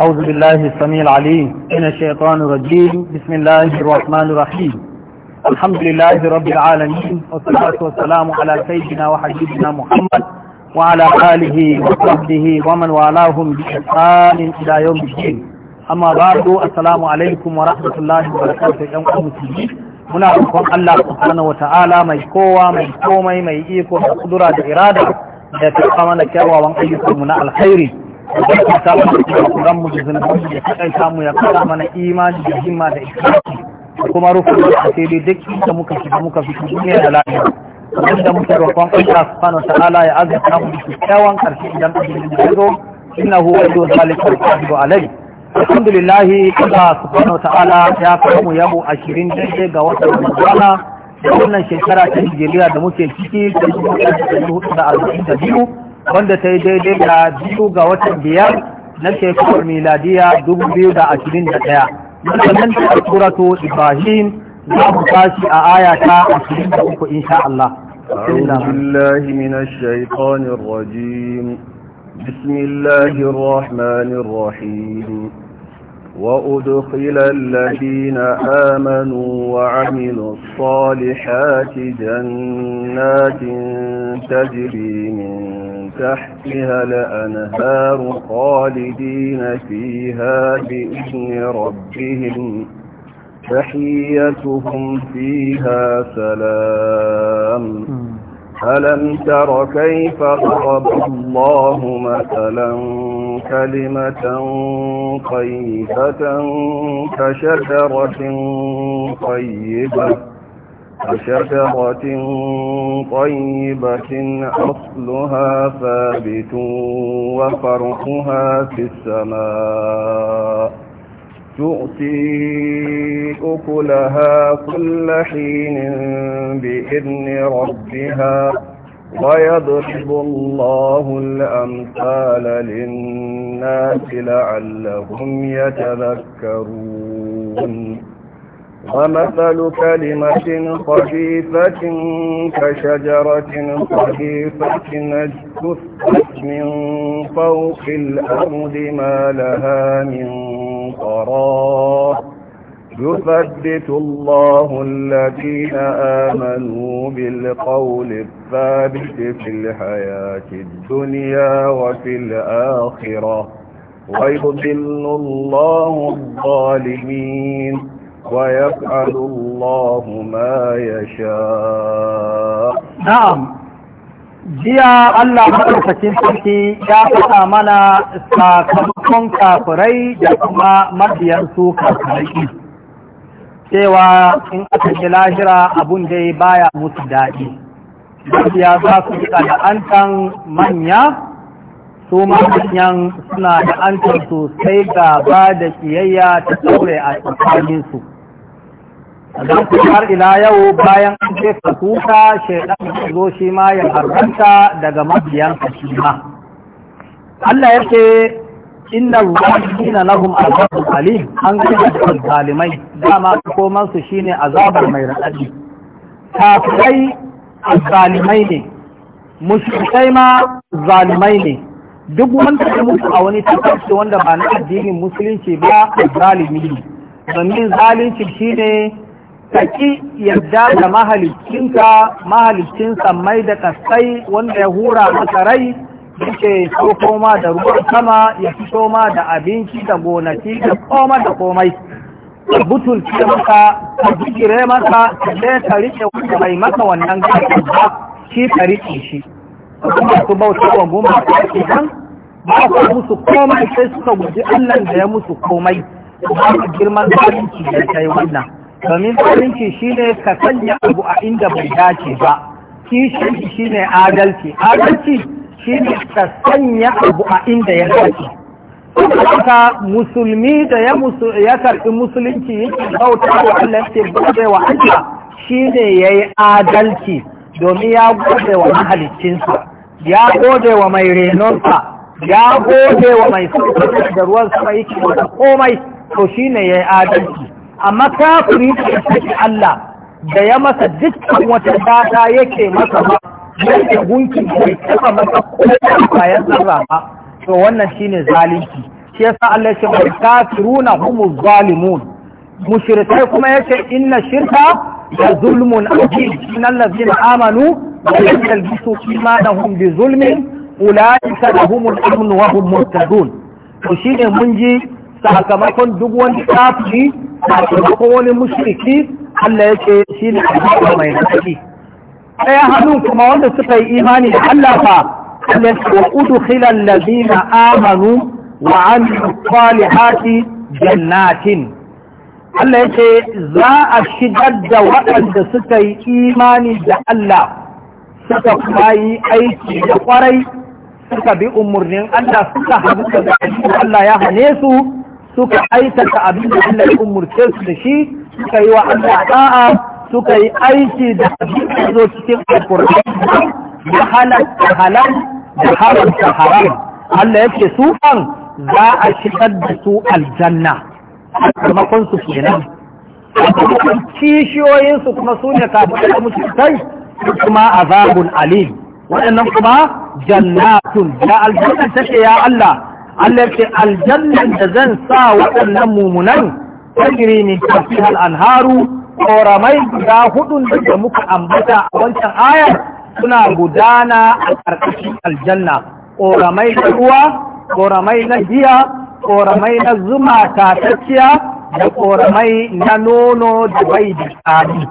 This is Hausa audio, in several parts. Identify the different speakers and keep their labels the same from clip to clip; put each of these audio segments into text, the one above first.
Speaker 1: أعوذ بالله السميع العليم من الشيطان الرجيم بسم الله الرحمن الرحيم الحمد لله رب العالمين والصلاة والسلام على سيدنا وحبيبنا محمد وعلى آله وصحبه ومن والاهم بإحسان إلى يوم الدين أما بعد السلام عليكم ورحمة الله وبركاته يوم المسلمين muna roƙon Allah subhanahu wata'ala mai kowa mai komai mai iko da kudura da irada da ta mana kyawawan ayyukanmu na alkhairi da ta mu da kuran mu da zunubi ya kai samu ya kara mana imani da himma da ikhlasi kuma rufu da sai dai duk da muka shiga muka fito duniya da lafiya
Speaker 2: wanda muke roƙon Allah
Speaker 1: subhanahu wa ta'ala ya azurta mu da kyawun karshe idan abin da ya zo innahu waliyyu zalika alqadiru alayhi alhamdulillah Allah subhanahu wa ta'ala ya kawo yabo 20 daidai ga watan Ramadana da wannan shekara ta Hijiriya da muke ciki da 1442 wanda ta yi daidai da biyu ga watan biyar na shekarar miladiya dubu biyu da ashirin da ɗaya sannan da suratu ibrahim za mu tashi a aya ta ashirin da uku insha Allah. أعوذ
Speaker 3: بالله من الشيطان الرجيم بسم الله الرحمن الرحيم وأدخل الذين آمنوا وعملوا الصالحات جنات تجري من تحتها الأنهار خالدين فيها بإذن ربهم تحيتهم فيها سلام ألم تر كيف ضرب الله مثلا كلمة طيبة كشجرة طيبة كشجرة طيبة أصلها ثابت وفرقها في السماء تؤتي أكلها كل حين بإذن ربها ويضرب الله الأمثال للناس لعلهم يتذكرون ومثل كلمة خفيفة كشجرة خفيفة اجتثت من فوق الأرض ما لها من قرار يثبت الله الذين آمنوا بالقول الثابت في الحياة الدنيا وفي الآخرة ويضل الله الظالمين ويفعل الله ما يشاء
Speaker 1: نعم jiya Allah maɗaukacin sarki ya faɗa mana sakamakon kafirai da kuma mabiyansu kafirai cewa in aka ji lahira abun dai baya musu daɗi mabiya za su yi la'antan manya su manyan suna la'antar sosai ba da ƙiyayya ta ɗaure a tsakaninsu zan ku har ila yau bayan an ce kuka shaidan zo shi ma ya harbanta daga mabiyansa shi ma Allah ya ce inna na lahum azabun alim an ga da zalimai dama koman su shine azabar mai raɗaɗi kafirai zalimai ne mushrikai ma zalimai ne duk wanda ya mutu a wani tafarki wanda ba na addinin musulunci ba zalimi ne domin zalunci shine Saki yarda da mahalicinka mahalicin sammai da kasai wanda ya hura maka rai yake sauko ma da ruwan sama ya fito ma da abinci da gonaki da koma da komai ka butulce maka ka jikire maka ka je ka riƙe wanda mai maka wannan gasa ba shi ka riƙe shi kuma su bauta wa goma ta ake nan ba ku musu komai sai suka guji Allah da ya musu komai ba girman zalunci da kai wannan domin shi shine ka sanya abu a inda bai dace ba shi shine adalci adalci shine ka sanya abu a inda ya dace haka musulmi da ya karfi musulunci yake bauta wa Allah yake bauta wa Allah ya yi adalci domin ya gode wa mahaliccinsa ya gode wa mai renonsa ya gode wa mai sauƙi da ruwan sama yake da komai to shi ne ya yi adalci amma kafiri da ya saki Allah da ya masa dukkan wata data yake masa ba yake gunkin bai taba masa kowa bayan sarra ba to wannan shine zalunci shi yasa Allah ya ce kafiruna humu zalimun mushrikai kuma yace inna shirka da zulmun ajib innal ladzina amanu wa lam yalbisu imanahum bi zulmin ulaika lahumul amn wa hum muhtadun to shine mun ji sakamakon duk wani kafiri sakamakon wani mushriki Allah ya ce shi ne alhaƙa mai nasi ɗaya hannun kuma wanda suka yi imani da Allah fa Allah ya ce wa amanu wa amilu salihati jannatin Allah ya ce za a shigar da waɗanda suka yi imani da Allah suka kuma yi aiki da kwarai suka bi umarnin Allah suka haɗu da Allah ya hane su suka aikata abin da Allah ya umurce su da shi suka yi wa Allah da'a suka yi aiki da abin da zo cikin alkur'ani da halal da haramta haram Allah yake su an za a shigar da su aljanna sakamakon su kenan sakamakon kishiyoyin su kuma su ne kafin da mutuntai kuma azabun alim waɗannan kuma jannatun da aljanna take ya Allah Allah Aljanna da zan sa waɗannan mumunan tajiri min tafiya al'anharu ƙoramai guda hudun da muka ambata a wancan ayar suna gudana a ƙarƙashin aljanna ƙoramai na ruwa ƙoramai na giya ƙoramai na zuma tatacciya da ƙoramai na nono da bai da tsari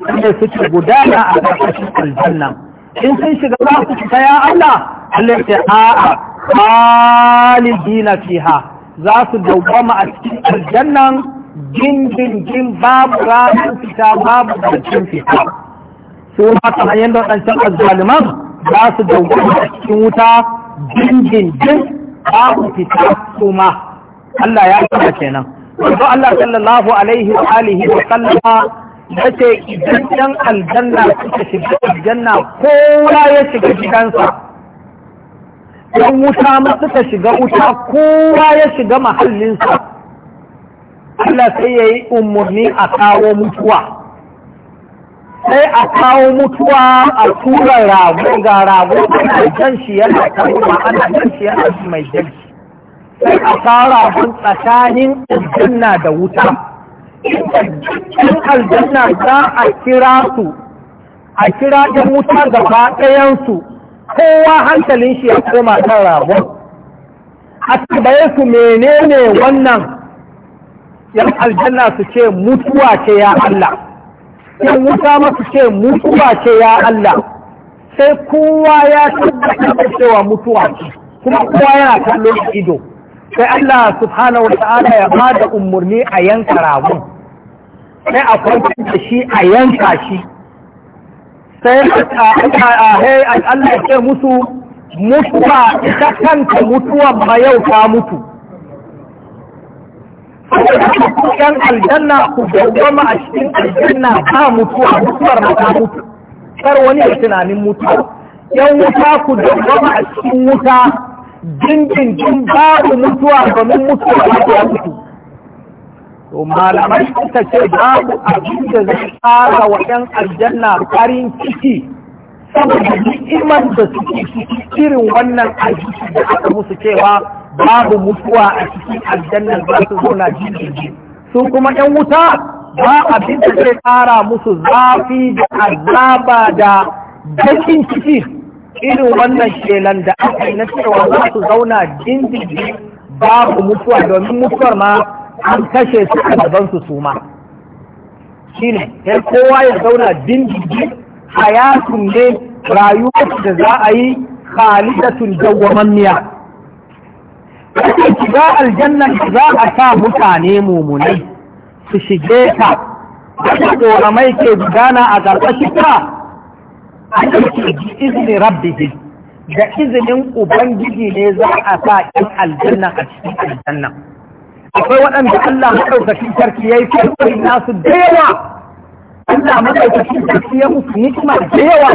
Speaker 1: wanda suke gudana a ƙarƙashin aljanna in sun shiga za su fita ya Allah Allah ya a'a khalidina fiha za su dawwama a cikin aljannan gindin babu ranar fita babu barcin fita su ma kamar yadda waɗancan azzaliman za su dawwama a cikin wuta gindin gin babu fita su ma Allah ya kama kenan. Wanzu Allah sallallahu alaihi wa alihi wa sallama ce idan ɗan aljanna suka shiga aljanna kowa ya shiga gidansa ɗan wuta ma suka shiga wuta kowa ya shiga mahallinsa Allah sai ya yi umarni a kawo mutuwa sai a kawo mutuwa a tura rago ga rago ana jan shi yana karuwa ana jan shi yana mai jan shi sai a kawo ragon tsakanin aljanna da wuta Yan aljanna za a kira su a kira ɗan wuta gaba ɗayansu kowa hankalin shi ya koma kan rabon a tambaye su menene wannan yan aljanna su ce mutuwa ce ya Allah yan wuta ma su ce mutuwa ce ya Allah sai kowa ya tabbata da cewa mutuwa ce kuma kowa yana kallon ido sai Allah subhanahu wa ta'ala ya bada umarni a yanka ragon sai a kwantar da shi a yanka shi sai a Allah ya ce musu mutuwa ita kanta mutuwan ba yau ta mutu yan aljanna ku dawwama a cikin aljanna ba mutuwa mutuwar ma ta mutu kar wani ya tunanin mutuwa yan wuta ku dawwama a cikin wuta dindindin babu mutuwa ba domin mutuwa ba ta mutu to malamai suka ce babu abin da zai fara wa ɗan aljanna farin ciki saboda ni'imar da suke ciki irin wannan aiki da aka musu cewa babu mutuwa a cikin aljanna za su zauna jirgin su kuma ɗan wuta ba abin da zai fara musu zafi da azaba da dakin ciki irin wannan shelan da aka yi na cewa za su zauna jirgin babu mutuwa domin mutuwar ma an kashe su a gaban su suma shine sai kowa ya zauna dindindin hayatun ne rayuwar da za a yi khalidatun dawwamammiya miya shiga aljanna za a sa mutane mumunai su shige ta wata ƙoramai ke gudana a ƙarƙashin ta a ɗauke ji izini rabbihi da izinin ubangiji ne za a sa 'yan aljanna a cikin aljanna akwai waɗanda Allah maɗaukakin sarki ya yi sarki nasu da yawa Allah maɗaukakin sarki ya musu nikima da yawa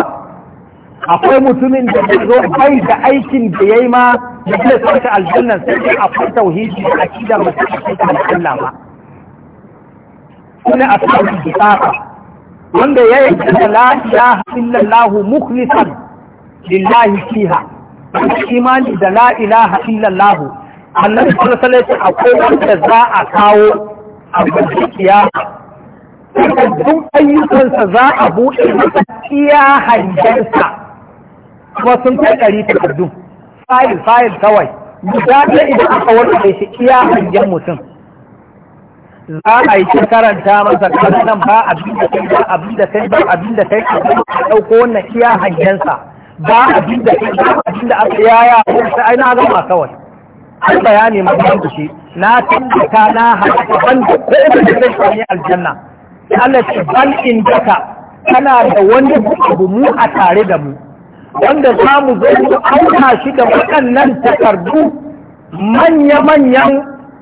Speaker 1: akwai mutumin da ya zo bai da aikin da ya yi ma da zai sarka aljannan sai dai akwai tauhidi da masu mutum da Allah ba. Sune a sarki bisara. wanda ya yi da la ilaha illallah mukhlisan lillahi fiha imani da la ilaha illallah annabi sallallahu alaihi wasallam akwai wanda za a kawo a bakin kiyama duk ayyukansa za a buɗe masa iya hangensa kuma sun kai ɗari takardu fayil fayil kawai misali idan aka warware shi iya hangen mutum za a yi ta karanta masa karnan ba abin da kai ba abin da kai ba abin da kai a ɗauko wannan iya hangensa ba abin da kai ba abin da aka yaya sai aina gama kawai an bayani mai da shi na tabbata na haɗa ban da ko da zai sami aljanna Allah ce ban in daka kana da wani abu mu a tare da mu
Speaker 2: wanda za mu zo mu auka shi da
Speaker 1: waɗannan takardu manya-manyan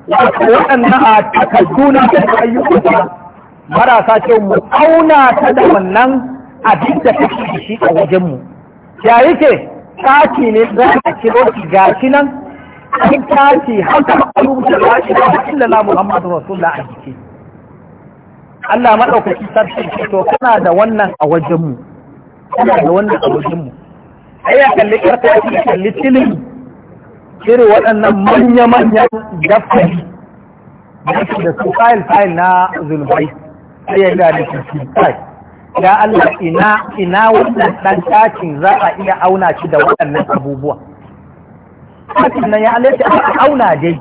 Speaker 1: waɗannan a takardu na da ayyuka marasa ce mu auna ta da wannan abin da ta shi a wajenmu ya yake ne za a kiro shi gashi nan an tashi haka a da la ilaha illallah muhammadu rasulullah a jiki Allah madaukaki sarki to kana da wannan a wajenmu kana da wannan a wajenmu sai ya kalli karta a kalli tilin irin waɗannan manya-manyan dafari da su fayil-fayil na zulmai sai ya gane su ya Allah ina ina wannan ɗan tashin za a iya auna shi da waɗannan abubuwa kafin nan ya halatta a auna dai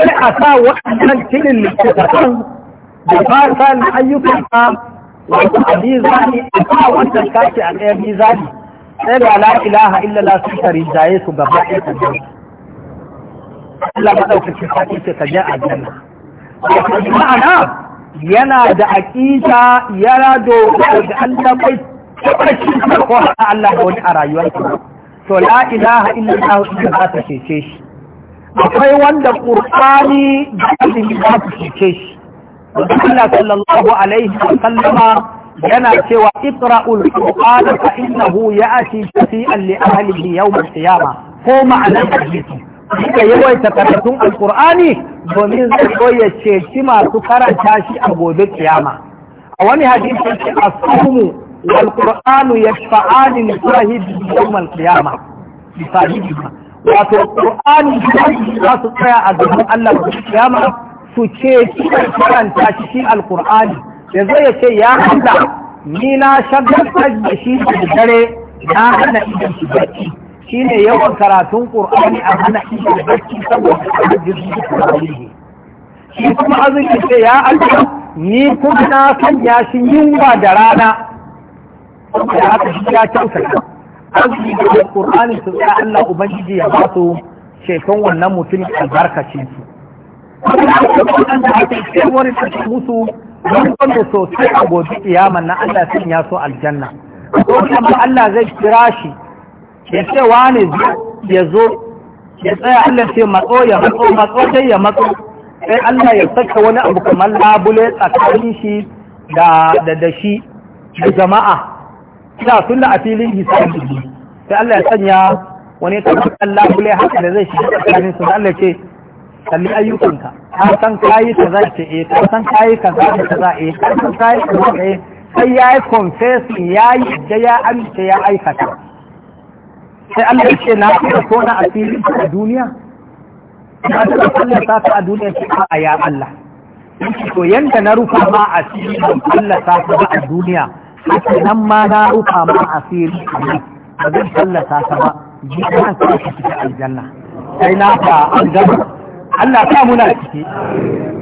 Speaker 1: sai a sa waɗannan tilin littattafan da ba sa na ayyukan ka wato a mizani a sa wancan kashi a ɗaya mizani sai da la ilaha illallah su ka rinjaye su gaba ɗaya ka je Allah maɗaukacin kashi ce ka je a ma'ana yana da aƙida yana da Allah bai taɓa shi ko Allah da wani a rayuwarsa to la ilaha illallah ita za ta cece shi akwai wanda qur'ani da azumi za ta cece shi Allah sallallahu alaihi wa sallama yana cewa iqra'ul qur'ana fa innahu ya'ti shafi'an li ahlihi yawm al-qiyamah ko ma'anar hadisi suka yawaita karatun alkur'ani domin zai zo ya ceci masu karanta shi a gobe kiyama a wani hadisi ce asumu wal qur'anu yashfa'ani li sahibi yawm al qiyamah li sahibi wato qur'ani za su tsaya a gaban Allah a kiyama su ce karanta cikin alqur'ani da zai ce ya Allah ni na shaddar da shi da dare na hana idan shi Shi ne yawan karatun qur'ani a hana idan bacci saboda hadisin qur'ani shi kuma azumi ce ya Allah ni kuma na sanya shi yunwa da rana da haka shi ya kyautata azumi da Alƙur'ani su tsaya Allah ubangiji ya ba su ceton wannan mutumin albarkacin su wanda ake kewar da musu don da sosai a gobe kiyaman na Allah sun ya so aljanna ko kuma Allah zai kira shi ya ce wani ya zo ya tsaya Allah sai matso ya matso matso sai ya matso sai Allah ya saka wani abu kamar labule tsakanin shi da da shi da jama'a ina sunna a filin hisabi sai Allah ya sanya wani ta Allah bule haka da zai shiga tsakanin su Allah ce kalli ayyukanka ka san kayi kaza ce eh ka san kayi kaza da kaza eh ka san kayi kaza eh sai ya yi confessing ya yi da ya amince ya aikata sai Allah ya ce na kuma kona a filin a duniya na ta Allah ta ta a duniya ce a ya Allah to yanda na rufa ma a filin Allah ta ta a duniya nan ma na rufa ma asiri ba zai tallata ta ba jikin sai ka fita aljanna
Speaker 2: sai na ka aljanna
Speaker 1: Allah sa muna ciki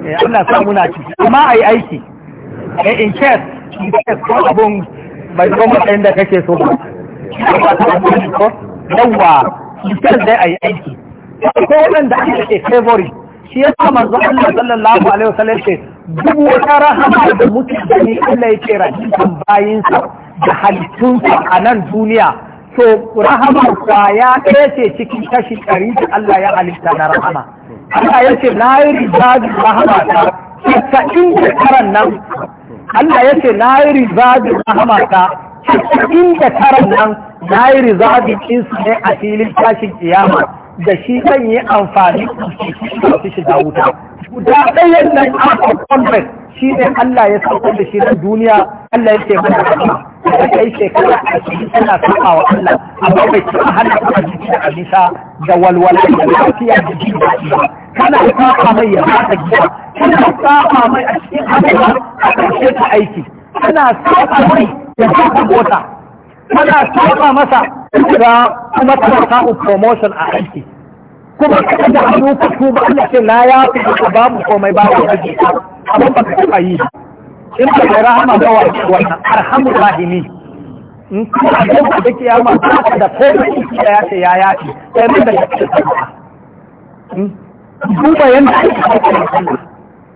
Speaker 1: eh Allah sa muna ciki amma ai aiki eh in case in case ko abun bai zo matsayin da kake so ba yawa in case dai ai aiki ko wanda ake favorite shi yasa manzo Allah sallallahu alaihi wasallam ce duk wata rahama da muke gani Allah yake rahiman bayinsa da halittunsa a nan duniya to rahama kwaya ɗaya ce cikin kashi ɗari da Allah ya halitta na rahama Allah ya ce na yi rizabin rahama ta casa'in da nan Allah ya ce na yi rizabin rahama ta casa'in da nan na yi rizabin ɗinsu ne a filin tashin kiyama da shi zan yi amfani da su da wuta guda ɗayan nan aka kwamfet shi ne Allah ya saukar da shi na duniya Allah ya ce mana kama da kai shekara a cikin tana kama wa Allah amma bai ci a hannun kuma jiki da abisa da walwala da lafiya da jin daɗi ba kana kama mai ya fata gida kana kama mai a cikin hannun a ƙarshe ta aiki kana kama mai ya fata mota kana kama masa da kuma ka samu promotion a aiki kuma ka da hannu ka ba Allah ce na ya fi ka ba mu komai ba mu aiki abin ba ka taba yi in ka ga rahama ba wannan arhamu rahimi in ka ga ba da kiyama ba da komai da ya ce ya yafi sai mun da hmm? duba yanda ake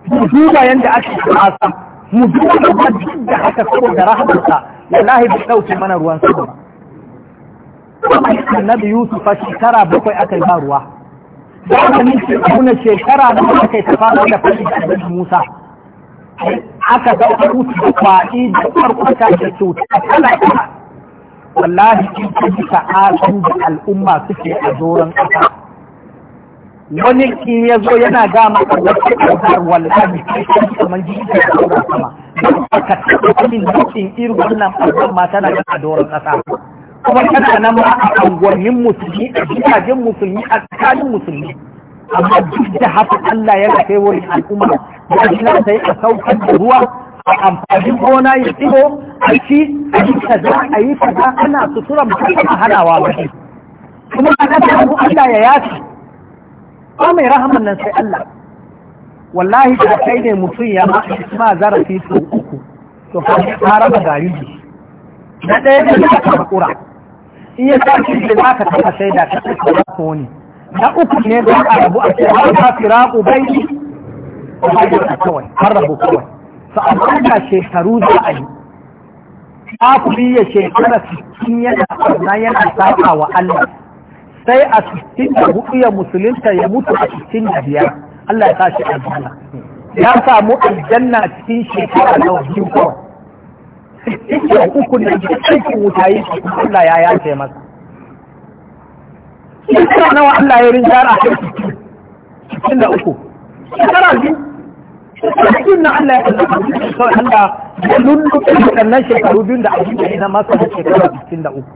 Speaker 1: duba yanda ake asa mu duba da haka saboda rahamarsa wallahi bi dauke mana ruwan sama annabi yusuf a shekara bakwai aka yi ruwa da aka nufi kuna shekara da aka yi tafafa da fashi da annabi musa aka ga kutu da kwaɗi da farkwata da cuta kala kala wallahi in ka ji ta'azun da al'umma suke a zoron ƙasa wani in ya zo yana gama a wasu ƙasar wallahi kai kamar jiki da sauran sama da ka taɓa irin wannan al'umma tana da a doron ƙasa kuma kana nan ma a anguwannin musulmi a gidajen musulmi a tsakanin musulmi amma duk da haka Allah ya ga kai wani al'umma ya shi na sai a saukar da ruwa a amfanin gona ya tsibo a ci a yi kaza a yi kaza ana sutura mutum a hanawa ba kuma a nan abu Allah ya yafi ba mai rahaman nan sai Allah wallahi da kai ne mutum ya ma zarafi su uku to ka raba da gari na ɗaya da ya karɓura iya sa shi da za ka taɓa sai da ce ka rako ne na uku ne da a rabu a cewa har ka raku bai ba kawai har rabu kawai a da shekaru za a yi kafiri ya shekara sittin yana na yana saba wa Allah sai a sittin da hudu ya musulunta ya mutu a sittin da biyar Allah ya sa shi aljanna ya samu aljanna cikin shekara na wajen kawai sittin da uku da cikin wuta yi Allah ya yace masa shekara nawa Allah ya rinjar a da uku shekara biyu cikin na Allah ya Allah ya shekaru da abin da ya zama da shekara da uku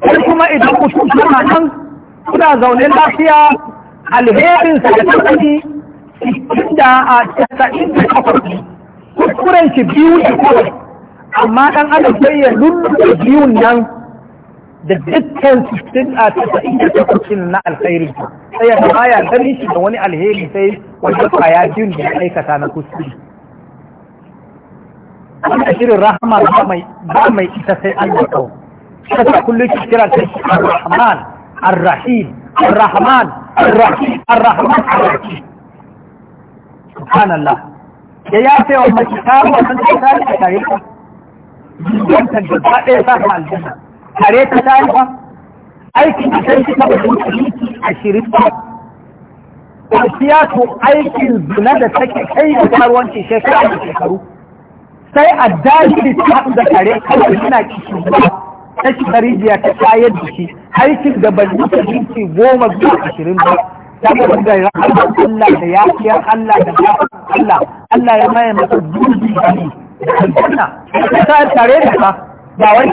Speaker 1: sai kuma idan ku suna nan kuna zaune lafiya alherinsa da ta sani sittin da a casa'in da kuskuren shi biyu ne kawai amma ɗan adam sai ya lulluɓe biyun nan da dukkan sittin a tasa'in da tabbacin na alkhairi sai ya zama gani shi da wani alheri sai wanda kwaya biyun da ya aikata na kuskure Wani ashirin rahama ba mai ita sai Allah kawai kasa kullum shi kira ta shi ar-rahman ar-rahim ar-rahman subhanallah ya yafe wa mace ta wannan ta tare da kare ta ta gaba ɗaya ta ta aljanna kare ta tare ta aikin da ta ta bada ashirin ba gaskiya to aikin zina da take kai da karuwanci shekara da shekaru sai a dashi da ta haɗu da kare kawai suna kishi ba ta shi karijiya ta shayar da shi aikin da ban yi goma zuwa ashirin ba saboda rahama Allah da yafiyar Allah da Allah Allah ya maye masa zuci ne da aljanna ta tare da ka ba wani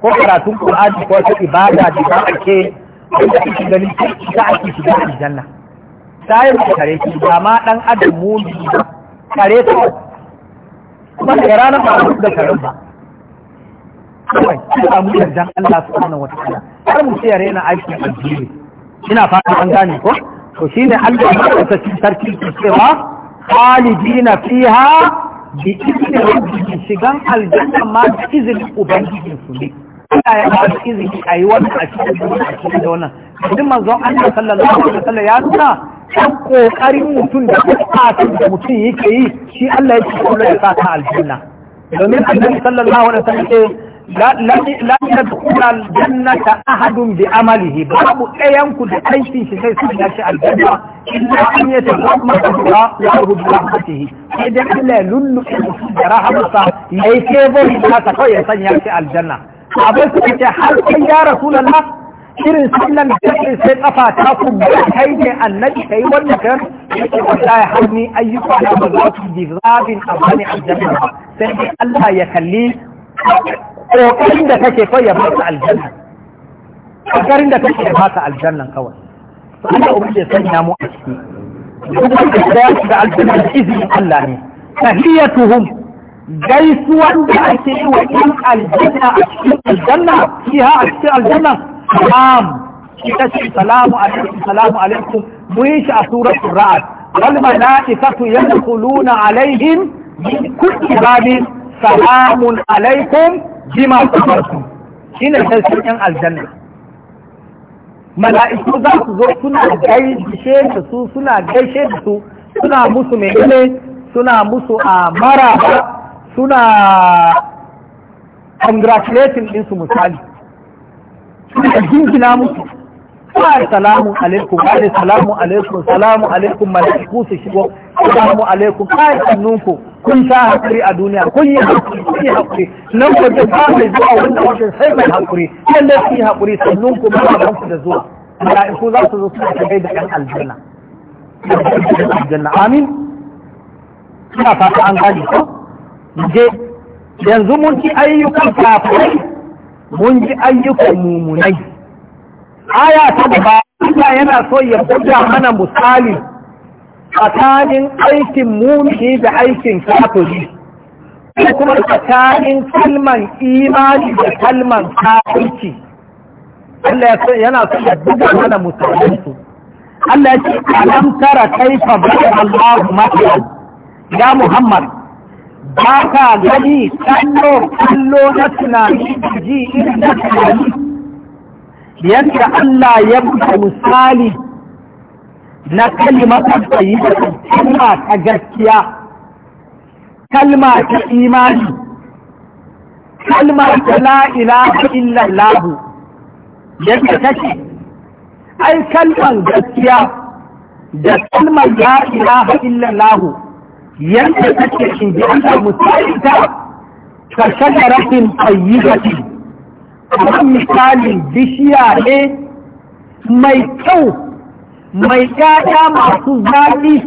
Speaker 1: ko karatun Qur'ani ko ta ibada da ba ake da kike gani ta ake shiga aljanna sai mu tare ki ba ma dan adam mu tare ta kuma da rana ba da karin ba kawai sai mu yarda Allah subhanahu wataala har mu sai rena aikin addini ina fatan an gane ko to shine Allah ya saki sarki ke cewa khalidina fiha bi izni rabbihim shigan aljanna ma da izinin ubangijin su ne Allah ya ba izini a yi wani a cikin a cikin da wannan duk manzon Allah sallallahu alaihi wasallam ya sa ɗan ƙoƙarin mutum da ƙasar da mutum yake yi shi Allah ya ci kula da sa ta aljanna domin annabi sallallahu alaihi wasallam lan yadkhula aljannata ahadun bi amalihi babu ɗayan ku da aikin shi sai su ya shi aljanna illa an yatagamma Allah wa rubu rahmatihi sai dai Allah ya lullu da rahmatsa yayi kebon da ka kawai ya sanya shi aljanna abin su ce har sai ya rasulullah irin sallan da kake sai kafa ta ku kai ne annabi kai wannan kan yake wallahi har ni ayyuka da ba za su bi zabin abani aljanna sai Allah ya kalli kokarin da kake kai ya baka aljanna
Speaker 4: kokarin da kake ya
Speaker 1: baka aljanna kawai to Allah ubi ya sanya mu a ciki da da aljanna izi Allah ne tahiyatuhum gaisuwan da ake yi wa ɗan aljanna a cikin aljanna shi ha a cikin aljanna salam ita ce salamu alaikum salamu alaikum mu yi shi a suratul ra'd wal malaikatu yadkhuluna alaihim min kulli babin salamun alaikum bima sabartum shine sarkin yan aljanna mala'iku za su zo suna gaishe da su suna gaishe da su suna musu menene suna musu a mara suna congratulating su misali suna jingina musu kawai salamu alaikum kawai salamu alaikum salamu alaikum mala'iku su shigo salamu alaikum kawai sannunku kun sha hakuri a duniya kun yi hakuri kun yi hakuri nan ku ji ba mai zuwa wannan wajen sai mai hakuri idan da su yi hakuri sannan ku ba ban ku da zuwa mala'iku za su zo su ta gaida kan aljanna aljanna amin ina fata an gani ko je yanzu mun ji ayyukan kafirai mun ji ayyukan mumunai aya ta gaba Allah yana so ya buga mana misali tsakanin aikin muni da aikin kafiri ko kuma tsakanin kalman imani da kalman kafirci Allah yana so ya duba mana su. Allah ya ce alam tara kaifa da Allah mafiyan ya Muhammad ba ka gani kallo kallo na tunani ji irin tunani yadda Allah ya buɗe misali na kalimatan tsayibatin kalma ta gaskiya kalma ta imani kalma ta la'ilaha lahu, yadda ce. ai kalman gaskiya da kalmar la'ilaha lahu, yadda take shi ji an samu tsarita ka shagarafin tsayibatin kamar misalin bishiya ne mai kyau mai ƴaƴa masu zaƙi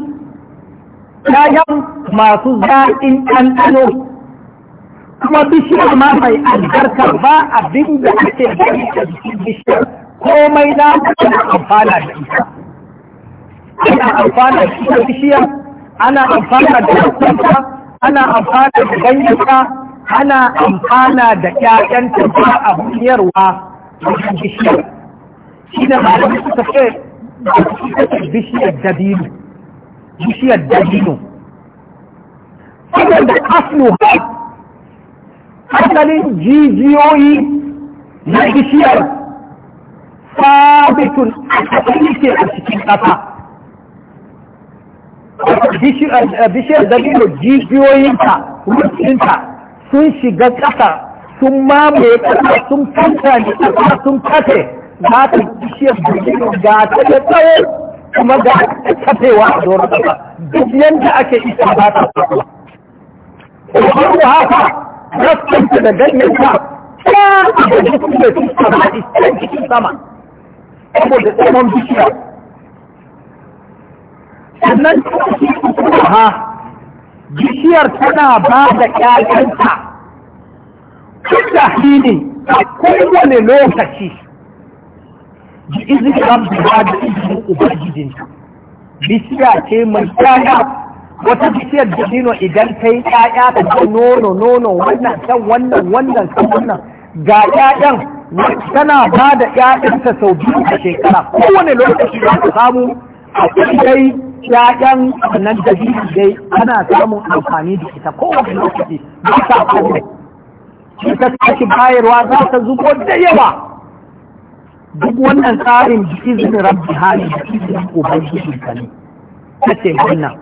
Speaker 1: ƴaƴan masu zaƙin ɗanɗano kuma bishiyar ma mai albarka ba abin da ake gani da bishiyar komai na ana amfana da ita ana amfana da ita bishiyar ana amfana da kwanta ana amfana da ganyenta ana amfana da ƴaƴanta ba a bishiyarwa da bishiyar shi da malamai suka ce bishiyar dabino bishiyar dabino saboda aslu asalin jijiyoyi na bishiyar sabitun asalin yake a cikin ƙasa bishiyar eh, dabino jijiyoyinta rufinta sun shiga ƙasa sun mamaye ƙasa sun kanta ne ƙasa sun kace za ta bishiyar jirgin ga ta da tsawo kuma ga ta kafewa a doron ƙasa duk yadda ake isa ba ta tsawo
Speaker 4: kuma da haka rassanta da ganin ta ta da jikin da su sama a cikin cikin sama saboda tsamon bishiya sannan kuma ha bishiyar
Speaker 1: tana ba da ƙyakanta kuma ne a kowane lokaci da izini rabbi da izinin ubangijinta bishiya ce mai ƴaƴa wata bishiyar dabino idan ta yi ƴaƴa da ta nono nono wannan kan wannan wannan kan wannan ga ƴaƴan tana ba da ƴaƴanta sau biyu a shekara kowane lokaci za ta samu a kai ƴaƴan nan biyu dai ana samun amfani da ita kowane lokaci ba ta kome ita ta bayarwa za ta zubo da yawa duk wannan tsarin da izinin rabbi hali da izinin ubangiji ka ne kace wannan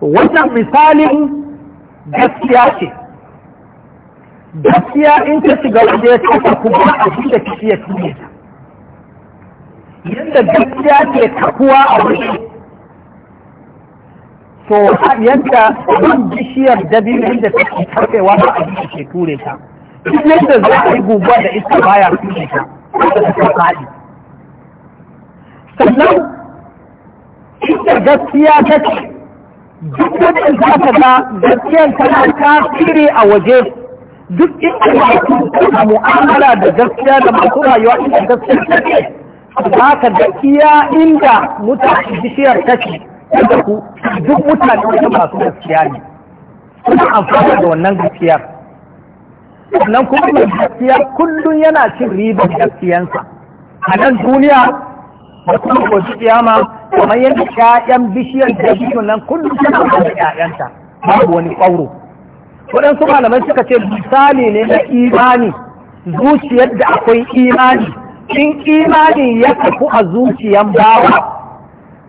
Speaker 1: to wannan misalin gaskiya ce gaskiya in ka shiga waje ya kafa kuma a da kake ya ta.
Speaker 4: yadda gaskiya ke kafuwa a wuri
Speaker 1: to yadda ban bishiyar dabi'in da take karfewa ba a ke ture ta duk yadda za a yi guguwa da iska baya kushe ta da ta faɗi sannan ita gaskiya ta ce duk wadda za ta ga gaskiyar tana tasiri a waje duk inda masu a mu'amala da gaskiya da masu rayuwa inda gaskiya ta ce za ka gaskiya inda mutane bishiyar ta ce duk mutane wata masu gaskiya ne
Speaker 4: suna amfani
Speaker 1: da wannan gaskiyar Nan kuma mai gaskiya kullum yana cin ribar gaskiyansa a nan duniya da kuma gobe kiyama kamar yadda ƴaƴan bishiyar da nan kullum suna da ƴaƴanta babu wani ƙwauro waɗansu malamai suka ce misali ne na imani zuciyar da akwai imani in imani ya tafi a zuciyan bawa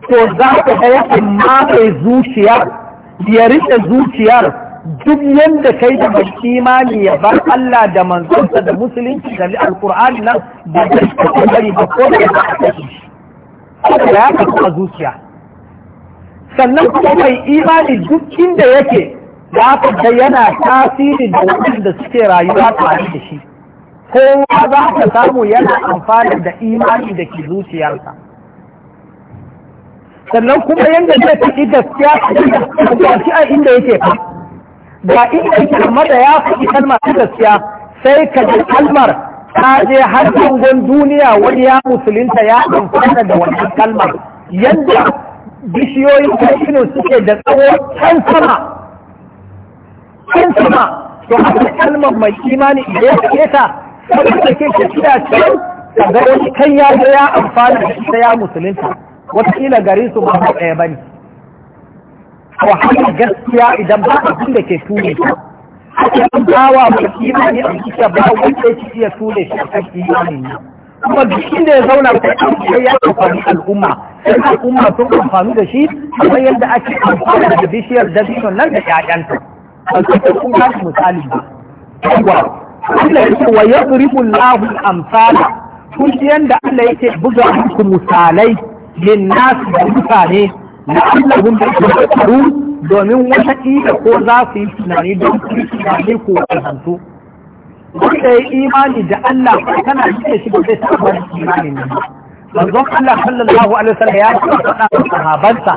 Speaker 1: to za ka ga yakan mamaye zuciyar ya riƙe zuciyar duk yadda kai da mai imani ya bar Allah da manzonsa da musulunci da alkur'ani nan da zai bari ba ko da ya kashe shi da ya kasu a zuciya sannan kuma mai imani duk inda yake da aka ga yana tasirin da da suke rayuwa tare da shi kowa za ka samu yana amfani da imani da ke zuciyarsa sannan kuma yadda zai fi gaskiya a inda yake fa ba ina ka amma da ya faɗi kalma ta gaskiya sai ka ji kalmar ta je har dangon duniya wani ya musulunta ya amfana da wannan kalmar yadda bishiyoyin kashinin suke da tsawo can sama can sama to haka kalmar mai imani da ya ke ta
Speaker 2: sai ka ke tafiya
Speaker 1: can ka ga wani kan ya ya amfana da ita ya musulunta wataƙila garin su ba ɗaya ba ne to haka gaskiya idan ba abin da ke tune ta haka an bawa mai imani a cikin ba wanda ke iya tune shi a cikin imanin nan kuma duk inda ya zauna sai an sai ya amfani al'umma sai al'umma sun amfani da shi kamar yadda ake amfani da bishiyar dabinon nan da ƴaƴanta ba su ta kuma misali ba yawa Allah ya ce wa yadribu Allahu al-amsala kun ji yanda Allah yake buga muku misalai lin nasu da mutane la'allahum yatafakkarun domin wata kila ko za su yi tunani don su yi tunani ko alhantu wanda ya imani da Allah kana cike shi ba zai taɓa imanin nan manzon Allah sallallahu alaihi wasallam ya a wa sahabansa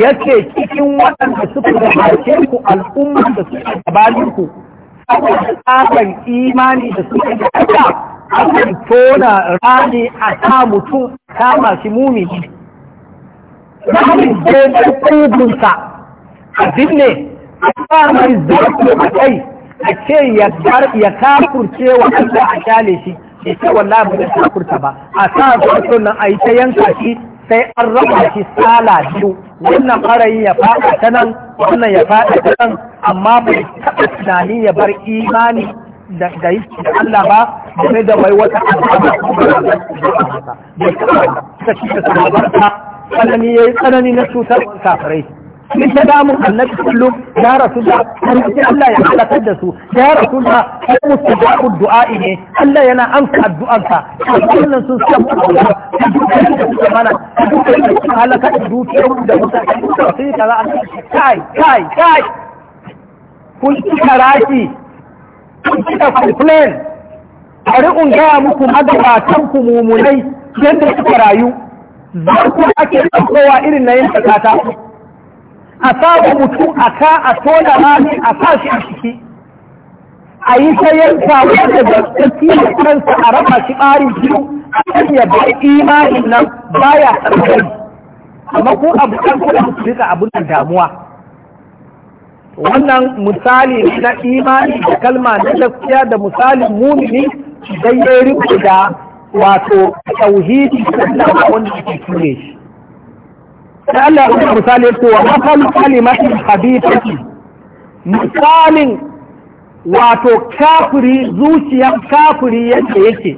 Speaker 1: yace cikin waɗanda suka gabace ku al'ummar da suka gabanin ku saboda imani da suka da Allah akan tona rani a ta mutum ta shi mumini samun daidai kugunsa a binne a samar zafi a kai a ce ya kafurce wa Allah a shale shi ya ce wallahi ba da kafurta ba a sa zarto nan a yi ta yanka shi sai an raba shi sala biyu wannan ɓarayin ya faɗa ta nan wannan ya faɗa ta nan amma bai taɓa tunani ya bar imani da da Allah ba game da wai wata al'ada
Speaker 4: bai taɓa ta ci ta
Speaker 1: tsanani yayi tsanani na cutar kafirai in ta damun annabi kullum ya rasu da sai Allah ya halakar da su ya rasu da kai mustajabu du'a'i ne Allah yana amsa addu'arsa wannan sun san mana halakar da dukiyar da mutane sai kaza an kai kai kai kun ci karaki kun ci da complain bari in gaya muku magabatan ku mumunai yadda suka rayu za ku ake ɗaukowa irin na yin tsakata a sa mutum a ka a tona rami a sa shi a ciki a yi ta yanka wanda da tsaki da kansa a raba shi ɓarin biyu a kan ya bai imanin nan baya tsarkai amma ko abu kan kuma su rika abin da damuwa wannan misali na imani da kalma na gaskiya da misalin mumini idan ya riko da wato tauhidi Allah wanda yake kire shi
Speaker 2: sai Allah ya misali to wa mafal kalimatin habibati
Speaker 1: misalin wato kafiri zuciyar kafiri yadda yake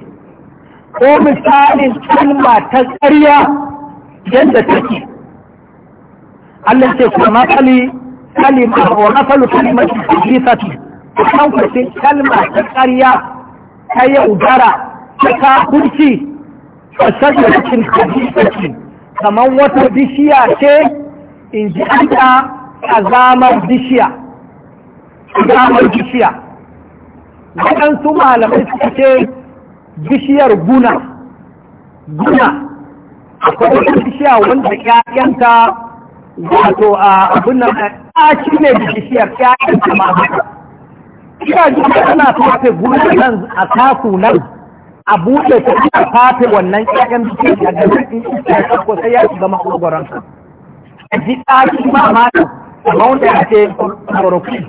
Speaker 1: ko misalin kalma ta tsariya yadda take Allah ce kuma mafali kalima wa mafalu kalimatin habibati kan kwacin kalma ta tsariya ta yaudara da kafirci a shagarakin kafirci kamar wata bishiya ce in ji anta azamar bishiya azamar bishiya waɗansu malamai su ce bishiyar guna guna akwai wata bishiya wanda ƴaƴanta wato a abin nan a ci ne bishiyar ƴaƴanta ma ina jin ana tafe guna nan a taku nan a buɗe ta a fafe wannan ƴaƴan biki a gaban in iska ko sai ya shiga makogoron ka a ji ɗaki ba ma da amma ya ce chloroquine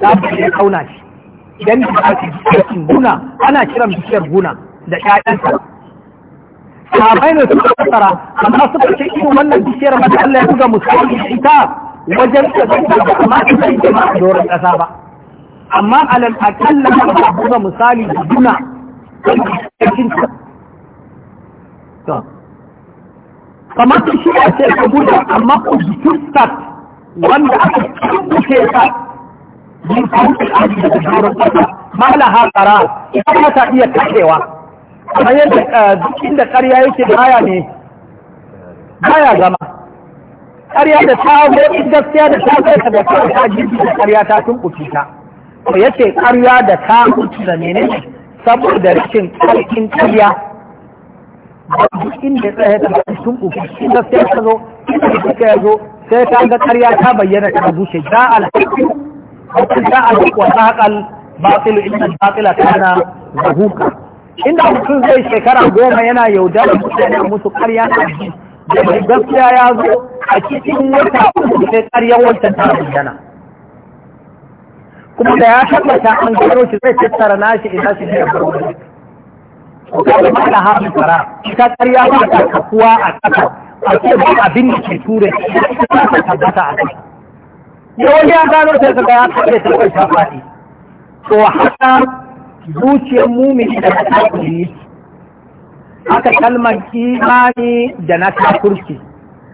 Speaker 1: ta bude kauna shi idan da aka ji ɗakin guna ana kiran bishiyar guna da ƴaƴanta sahabai ne suka fasara amma suka ce irin wannan bishiyar mata Allah ya buga musulmi ita wajen da zai ba amma ita ita ma a doron ƙasa ba amma alal akalla ba buga misali da guna kamar da shi a ce ka buɗe amma ku jikin wanda aka kuke ta yin kamar aji da jirgin ƙasa mala hakara ita ta iya kashewa kamar yadda jikin eh, da ƙarya yake da ne baya zama ƙarya da ta gobe gaskiya da ta kai da ta ta jirgin da ƙarya ta tun kuke ta to yace ƙarya da ta kuce da menene saboda rikin karfin kariya duk inda tsaye ta sun uku da sai ta zo inda suka ya zo sai ta ga karya ta bayyana ta zuce Za a yi ja alhaƙi wa saƙal batilu inda batila na zahuka inda mutum zai shekara goma yana yaudara mutane musu karya na da gaskiya ya zo a cikin wata uku sai karyar wancan ta bayyana kuma da ya tabbata an gano shi zai tattara nashi idan shi ne a farko ko ka ba da hafi fara ka ƙarya ba ta kafuwa a ƙasa a ce ba abin da ke ture ta tabbata a ƙasa yawan ya gano sai ka ga ya tabbata ta kai ta faɗi to haka zuciyar mumini da ta kafiri haka kalmar imani da na kafirci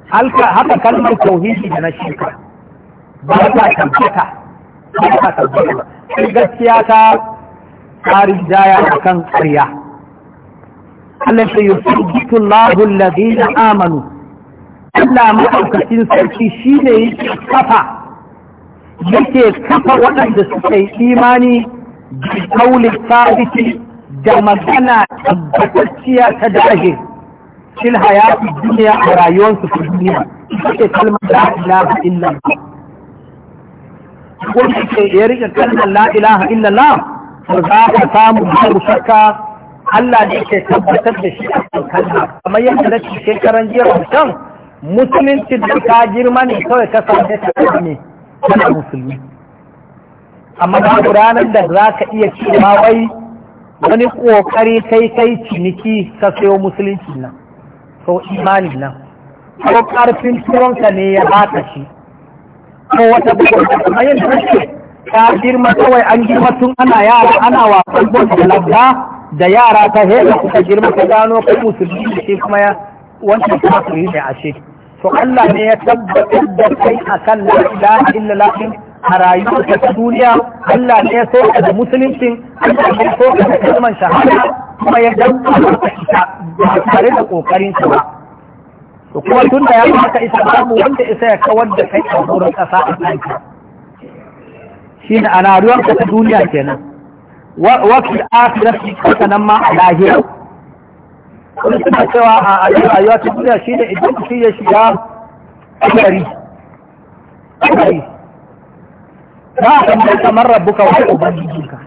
Speaker 1: haka kalmar tauhidi da na shirka ba ta tabbata gaskiya ta tsarin jaya a kan ƙarya Allah shi yusabbitu Allahu alladhina amanu Allah maɗaukacin sarki shine yake kafa yake kafa waɗanda suka yi imani da kaulin sabiti da magana tabbatacciya ta dage fil hayati duniya a rayuwarsu ta duniya ita ce kalmar la ilaha ko ce ya rike kalmar la ilaha illallah to za ka samu babu shakka Allah ne ke tabbatar da shi a kan kalma kamar yadda na ce shekaran jiya wancan musulunci da ka girma ne kawai ka same ta kalme kana musulmi amma babu ranar da za ka iya cewa wai wani kokari kai kai ciniki ka sayo musulunci nan ko imani nan ko karfin tuwonka ne ya baka shi ko wata bukwata kamar yadda kake ta girma kawai an girma tun ana yara ana wasan bon da labda da yara ta hela kuka girma ka gano ka musulmi da shi kuma ya wancan kafiri ne ashe to Allah ne ya tabbatar da kai akan la ilaha illallah a rayuwarka ta duniya Allah ne ya soka da musulunci Allah ne ya soka da kalmar shahada kuma ya danta ta tare da kokarin sa ba kuma tun da ya maka isa samu wanda isa ya kawar da kai a wurin ƙasa a kanka shi ne a rayuwar ta duniya kenan wafi akirasi kasa nan ma a lahira wani suna cewa a rayuwa ta duniya shi ne idan shi ya shiga ƙasari ƙasari ba a tambayi kamar rabbuka wani ubangijinka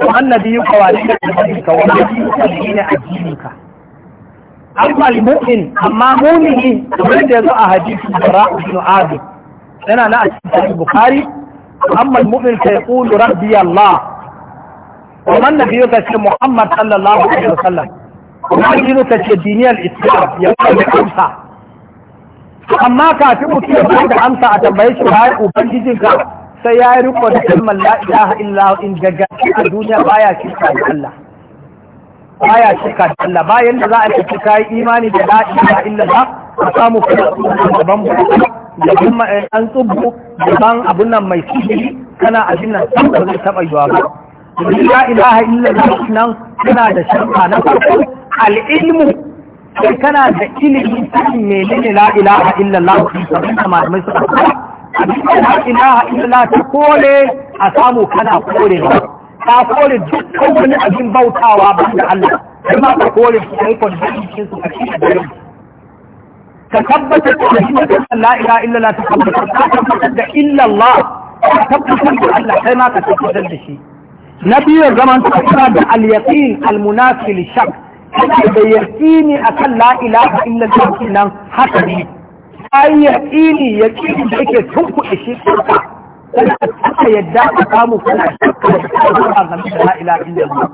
Speaker 1: wa annabi yi kawalin da ubangijinka wani yi a da ka. amma al-mu'min amma mu'mini kamar da yazo a hadisi bara ibn abi yana na a cikin bukhari amma al-mu'min sai yaqulu rabbi allah wa man nabiyyu ka ce muhammad sallallahu alaihi wa sallam.
Speaker 2: wa dinu ka
Speaker 1: ce diniyal islam ya amsa amma kafin mutum ya bada amsa a tambaye shi ba ubangijinka sai ya yi riko da kalmar la ilaha illa in daga a duniya baya shirka da Allah baya shirka da Allah bayan da za a ce ka yi imani da la ilaha illallah a samu kuma gaban gaban an tsubu gaban abun nan mai sihiri kana abin nan san ba zai taba yiwa ba la ilaha illallah nan kana da shirka na farko al ilmu sai kana da ilimi sanin menene la ilaha illallah sabon da malamai suka ba? abin da la ilaha illallah ta kore a samu kana kore ba ka kore dukkan wani abin bautawa ba da Allah sai ma ka kore su kai kwanjin cikin su kashi da dare ka tabbatar da shi la ilaha illallah ta tabbatar ka tabbatar da illallah ka tabbatar da Allah sai ma ka tabbatar da shi na biyu zaman tsakira da al-yaqin al-munafi shak kana da yaqini akan la ilaha illallah nan haka ne ai yaqini yaqini da yake tunkuɗe shi kanka kada aka yadda ka samu kana shakka da shakka game da la ilaha illallah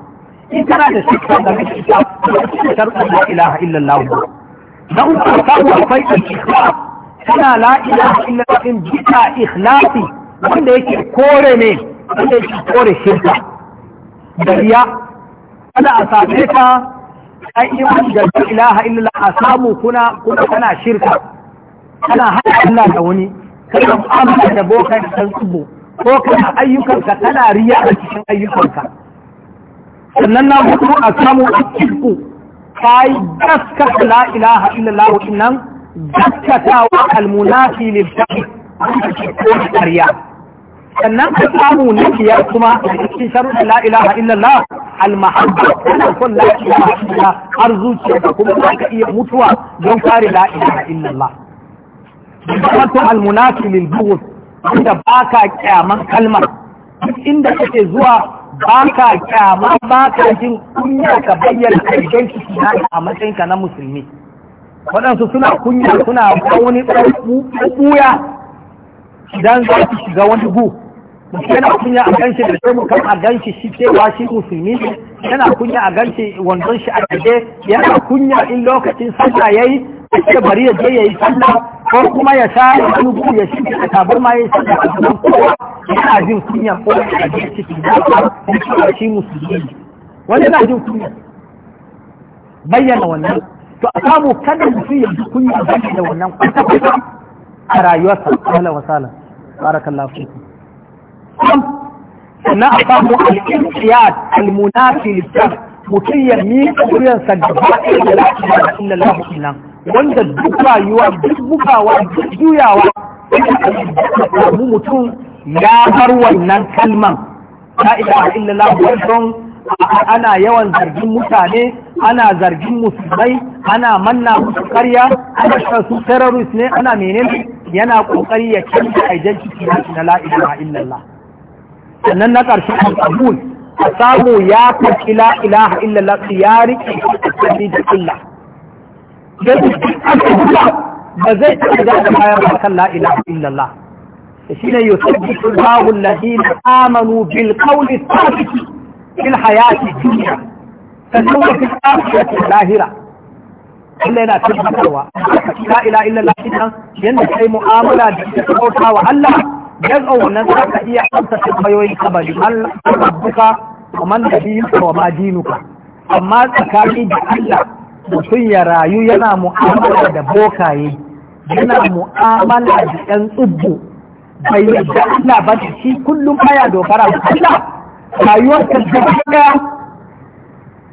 Speaker 1: in kana da shakka game da shakka da la ilaha illallah na uku samu akwai al-ikhlas kana la ilaha illallah in bisa ikhlasi wanda yake kore ne wanda yake kore shirka da riya kada a same ka ai in da la ilaha illallah a samu kuna kuna kana shirka kana haɗa Allah da wani kana mu'amala da bokan san tsubu ko kana ayyukanka kana riya a cikin ayyukanka sannan na hudu a samu a cikin kai gaskata la ilaha illallah innan gaskatawa almunafi lil tabi ko ƙarya sannan ka samu na biyar kuma a cikin sharuɗin la ilaha illallah almahabba kana son la ilaha illallah har zuciya da kuma za ka iya mutuwa don kare la ilaha illallah zamanto almunafi lil bughd inda baka kyaman kalmar inda kake zuwa baka kyama ka jin kunya ka bayyana identity na a matsayin ka na musulmi waɗansu suna kunya suna wani ɓuya idan za su shiga wani gu mutum yana kunya a ganshi da sai mukan a ganshi shi cewa shi musulmi yana kunya a ganshi wandon shi a kaje yana kunya in lokacin sallah yayi ce bari ya je ya yi sallah ko kuma ya sa wani buku ya shi a tabar ma ya yi sallah a cikin kowa yana jin kunya ko yana jin ciki da a shi musulmi wani yana jin kunya bayyana wannan to a samu kada mutum ya ji kunya bayyana wannan kwata kwata a rayuwarsa wala wasala barakallahu fikum sannan a samu al-inqiyad al-munafi lil mutum ya miƙa wurinsa gaba ɗaya da lafiya da illallahu illahu wanda duk rayuwa duk bugawa duk juyawa ya mutum ya bar wannan kalman la ilaha illallah wannan ana yawan zargin mutane ana zargin musulmai ana manna musu karya ana shan su terrorist ne ana menene yana kokari ya canza identity na la ilaha illallah sannan na ƙarshe a kabul a samu ya karɓi la ilaha illallah ya rike da Allah ba zai taɓa za da bayan ba kan la'ila illallah da shi ne yusabbitu Allahu alladhina amanu bil qawli thabit fil hayati dunya sannan wa fil akhirati lahira Allah yana tabbatarwa la ilaha illallah idan yanda kai mu'amala da ita bauta wa Allah dan wannan za ka iya amsa tambayoyin kabari Allah rabbuka wa man nabiyuka wa ma dinuka amma tsakani da Allah mutum ya rayu yana mu'amala da bokaye yana mu'amala da ɗan tsubbu bai yadda ana ba shi kullum baya dogara da Allah
Speaker 4: rayuwar ka gaba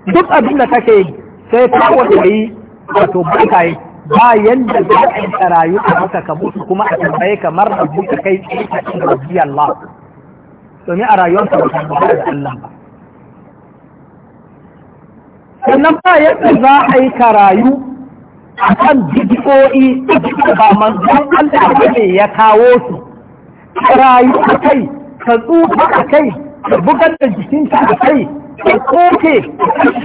Speaker 1: duk abin da kake sai ka wata yi wato bokaye ba yadda za a yi rayu a maka ka mutu kuma a tambaye kamar da buka kai tsaye a cikin Allah domin a rayuwar rayuwarka ba da Allah ba sannan ba yadda za a yi karayu a kan bidiyoyi ba manzon Allah bane ya kawo su karayu a kai ka tsufa a kai ka bugar da jikinka a kai ka koke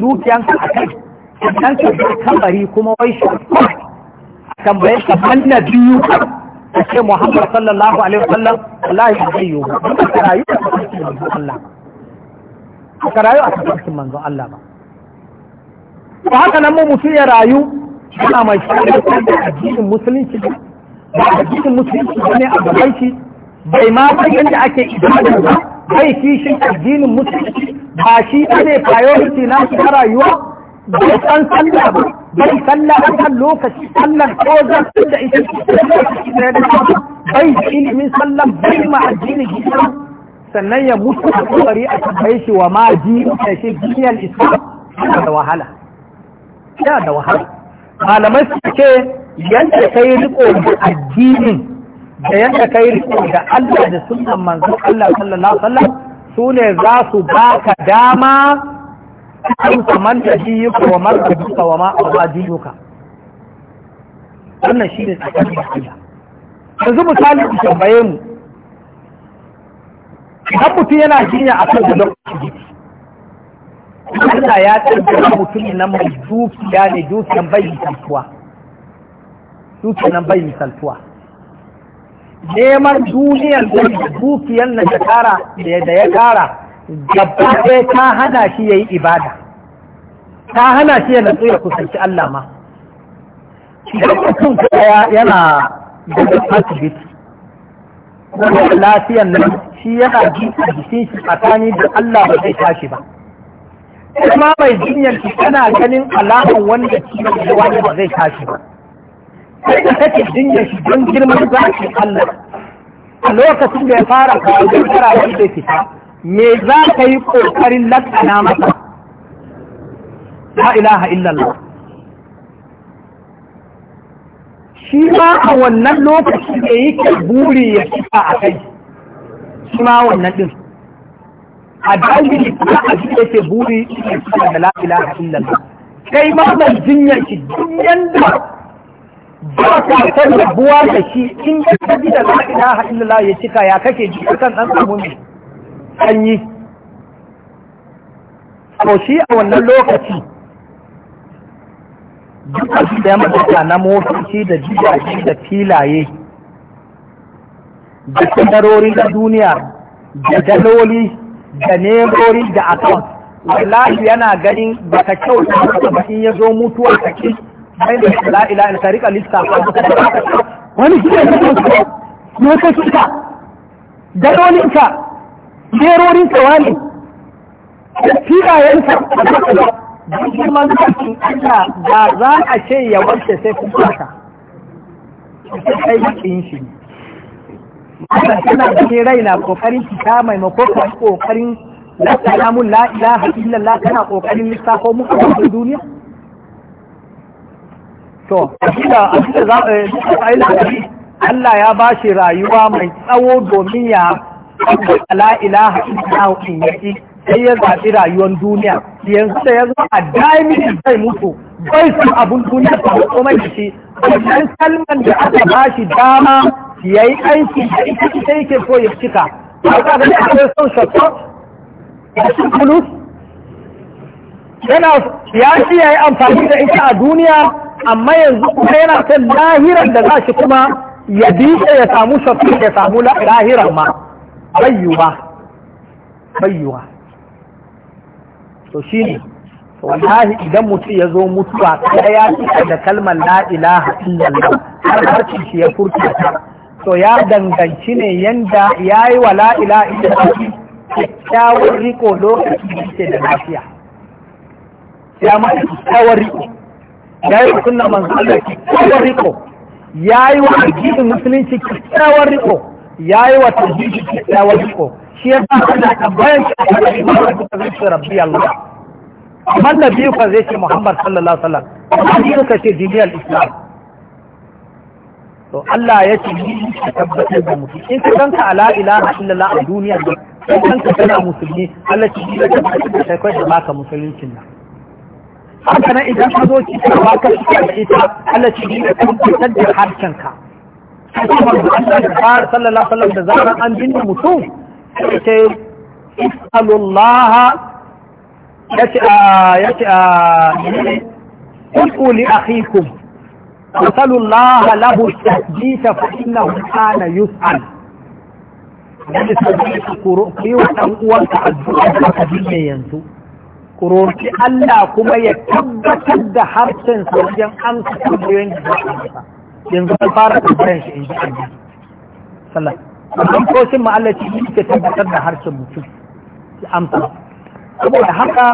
Speaker 1: dukiyanka a kai sannan ka bi kabari kuma wai shi tambaye ka manna biyu a ce Muhammad sallallahu alaihi wasallam wallahi zai yi ba karayu a cikin manzon Allah ba karayu a cikin manzon Allah ba to haka nan mu mutum ya rayu yana mai shaɗar da addinin musulunci ba addinin musulunci ba ne a gaban shi bai ma san yadda ake ibadar ba bai shi kishin addinin musulunci ba shi ne priority na shi rayuwa bai san sallah ba bai sallah a kan lokaci sallar ko zan da ita bai da ilimin sallan bai ma addinin islam sannan ya mutu a kokari a tambaye shi wa ma ji da shi duniyar islam da wahala yana da wahala malamai su ce yadda ka yi riko da addinin da yadda ka yi riko da Allah da sunan manzon Allah sallallahu alaihi wasallam su ne za su ka dama kan saman da shi yi kuma marka duka wa ma'a duka wannan shi ne tsakanin Allah yanzu misali ku tambaye mu idan mutum yana jinya a kan da jiki. Allah ya tabbata mutumin nan mai dukiya ne dukiyan bai misaltuwa dukiyan nan bai misaltuwa neman duniyan da dukiyan nan da kara da ya kara gaba ɗaya ta hana shi ya yi ibada ta hana shi ya natsu ya kusanci Allah ma
Speaker 4: idan mutum kaya yana
Speaker 1: da asibiti wanda lafiyan nan shi yana jikin shi tsakani da Allah ba zai tashi ba kuma mai jinyar ki tana ganin alaman wanda ciwon da wani ba zai tashi ba sai da kake jinyar shi don girman ki Allah a lokacin da ya fara kawo shi da fita me za ka yi ƙoƙarin lakana masa la ilaha illallah shi ma a wannan lokaci da yake buri ya fita a kai shi ma wannan ɗin. a dalili kuma a shi yake buri ne da la ilaha illallah kai ma mai jinyar shi duk yanda ba ka san rabuwa da shi in ya tafi da la a illallah ya cika ya kake ji kan dan samu mai sanyi to shi a wannan lokaci duk abin da ya na motoci da gidaje da filaye
Speaker 4: da kadarori na
Speaker 1: duniya da daloli da nemori da account
Speaker 2: wallahi
Speaker 1: yana ganin ka kyauta maka ba in ya zo mutuwa ka ki bai da la ilaha illa ka lista wani gidan da ne ka kika dalolin ka nerorin ka wani tirayen ka Allah da za a ce ya wace sai kuma ka sai yin shi Allah tana da ke raina kokarin fita maimako ka kokarin lafta mun la ilaha illallah kana kokarin lissafo muku da duniya to a akida akida za eh, a yi Allah ya ba shi rayuwa mai tsawo domin ya la ilaha illallah in yaki sai ya zaɓi rayuwar duniya yanzu da ya zo a daimi zai mutu bai su abun duniya ta hukumar shi wannan kalman da aka ba shi dama ya yi aiki da ita ita yake so ya cika ba ka ga akwai son shakko da sun kulu yana ya shi ya yi amfani da ita a duniya amma yanzu kuma yana son lahirar da za shi kuma ya bisa ya samu shakko ya samu lahirar ma bayyuwa bayyuwa to shi ne wallahi idan mutum ya zo mutuwa kada ya cika da kalmar la ilaha illallah har harci shi ya furta ta to ya danganci ne yanda ya yi wa la'ila ita kyakkyawar riko lokacin da ke da lafiya ya ma kyakkyawar riko ya yi sunna manzo Allah kyakkyawar riko ya yi wa ajiyar musulunci kyakkyawar riko ya yi wa tauhidi kyakkyawar riko shi ya sa ana tambayan shi a kan imam da zai rabbi Allah amma biyu zai ce Muhammad sallallahu alaihi wasallam ce Islam to Allah ya ce ni ka tabbatar da mutu. in ka danka la ilaha illallah a duniya ne ka danka kana musulmi Allah ce ka tabbatar da kai kai da baka musuluncin nan haka nan idan ka zo ki ka baka da ita Allah ce ni ka tabbatar da harshen ka kuma Allah da sallallahu alaihi wasallam da zaran an binne mutum sai Allah yace a ah, yace a ah, qul li akhikum فصلوا الله له التهديث فإنه كان يسأل ƙuruki Allah kuma ya tabbatar da harshen sauyan an su kuma yanzu an fara tabbatar shi in ji abu. Sallah, kusan koshin ma'alaci ne ke tabbatar da harshen mutum, ya amsa. Saboda haka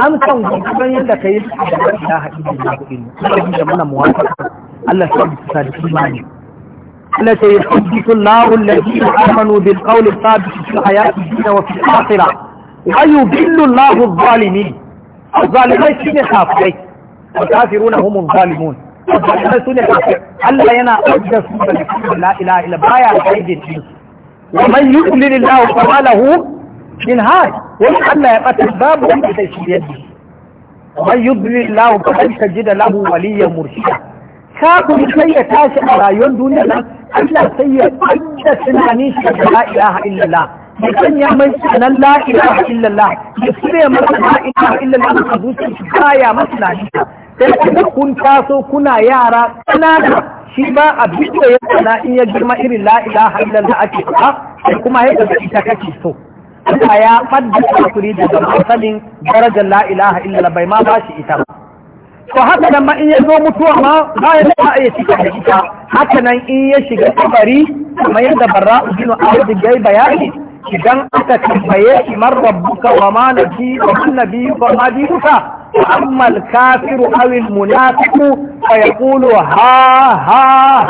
Speaker 1: An amsan gurgurdan yadda ka yi da haɗi da na kuɗi ne da muna muwafaka Allah ya samu kusa da imani Allah ta yi hadisu lahu alladhina amanu bil qawli thabit fi hayati dunya wa fi akhirah wa yudillu Allahu adh-dhalimin
Speaker 2: adh-dhalimai shine kafirai
Speaker 1: wa kafiruna hum adh-dhalimun adh su ne kafirai Allah yana ajiya su da la ilaha illa baya gaidin su
Speaker 2: wa man yi Allah fa
Speaker 1: lahu min haj wani Allah ya ɓata babu wanda zai shirya da shi man yudri lahu fa kan tajida lahu waliyan murshida kafin sai ya tashi a rayuwar duniya nan Allah sai ya ɓata tunanin shi da la ilaha illallah ya sanya mai sanan la ilaha illallah ya cire masa la ilaha illallah a zuciyar shi baya masa lafiya sai kuma kun taso kuna yara ƙanana shi ba a bidiyo ya sana in ya girma irin la ilaha illallah ake faɗa kuma ya ga ita kake so
Speaker 2: Allah ya fadda kafiri
Speaker 1: daga masalin darajar la ilaha illa bai ma ba shi ita ba to haka nan ma in ya zo mutuwa ma ba ya da ya cika da ita haka nan in ya shiga kabari kamar yadda barra ibnu abd gai bayani idan aka tambaye shi man rabbuka wa ma nabi wa man nabi wa ma dinuka amma kafiru aw al-munafiqu fa yaqulu ha ha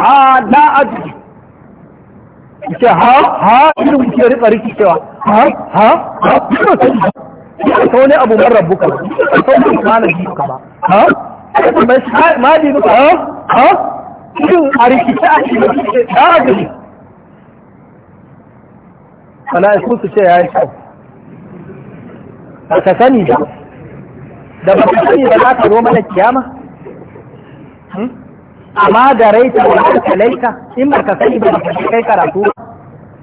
Speaker 1: ha la adri ce ha ha irin ke rika rikicewa ha ha ha ba sani ba ya ta wani abu man rabbuka ba ya ta wani malami ka ba ha ma dinu ka ha ha cikin a rikice a cikin tsara gari mala'iku su ce ya yi kyau ba ka sani ba da ba ka sani ba za ka zo mana kiyama hmm? amma da raita wa ka laika in ba ka sani ba ka kai karatu ba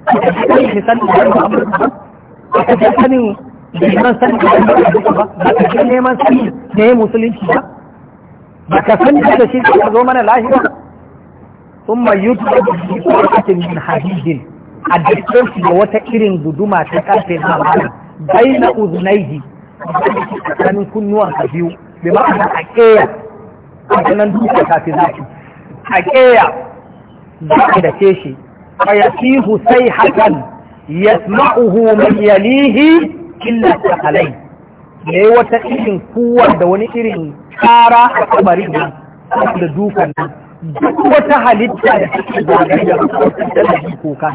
Speaker 4: da shi da da ba ba ka sanin
Speaker 1: da musulunci ba
Speaker 4: ba ka san da
Speaker 1: shi ka zo mana lahira ثم يطلب بسرعة من حديد da wata irin guduma ta karfe na mara baina uzunaihi kunnuwan ka biyu bi ma'ana a keya a a keya za shi فيسيه سيحة يسمعه من يليه إلا الثقلين ne wata irin kuwar da wani irin kara a kamarin nan da dukan nan duk wata halitta da take zagaye da wata da ji koka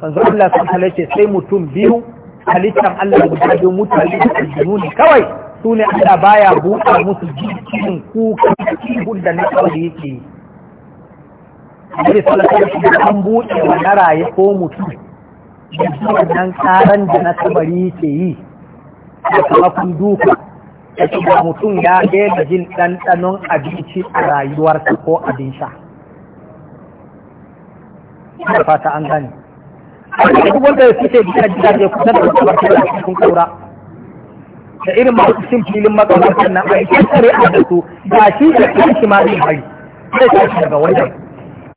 Speaker 1: manzo Allah sun halace sai mutum biyu halittar Allah guda biyu mutane da aljinu ne kawai su ne Allah baya buɗe musu jikin kuka da da na kawai yake yi Nabi sallallahu alaihi wasallam an buɗe wa naraye ko mutum
Speaker 4: da wannan karan da na
Speaker 1: tabari ke yi da kun duka da shiga mutum ya daina jin ɗanɗanon abinci a rayuwarsa ko abin sha. Ina fata an gane. Duk wanda ya fice gina gina da kusa da kuma kuma cikin kura. Da irin masu cin filin makamantar nan a yi tsare a da su ba shi da shi ma zai bari. Zai shi daga wajen.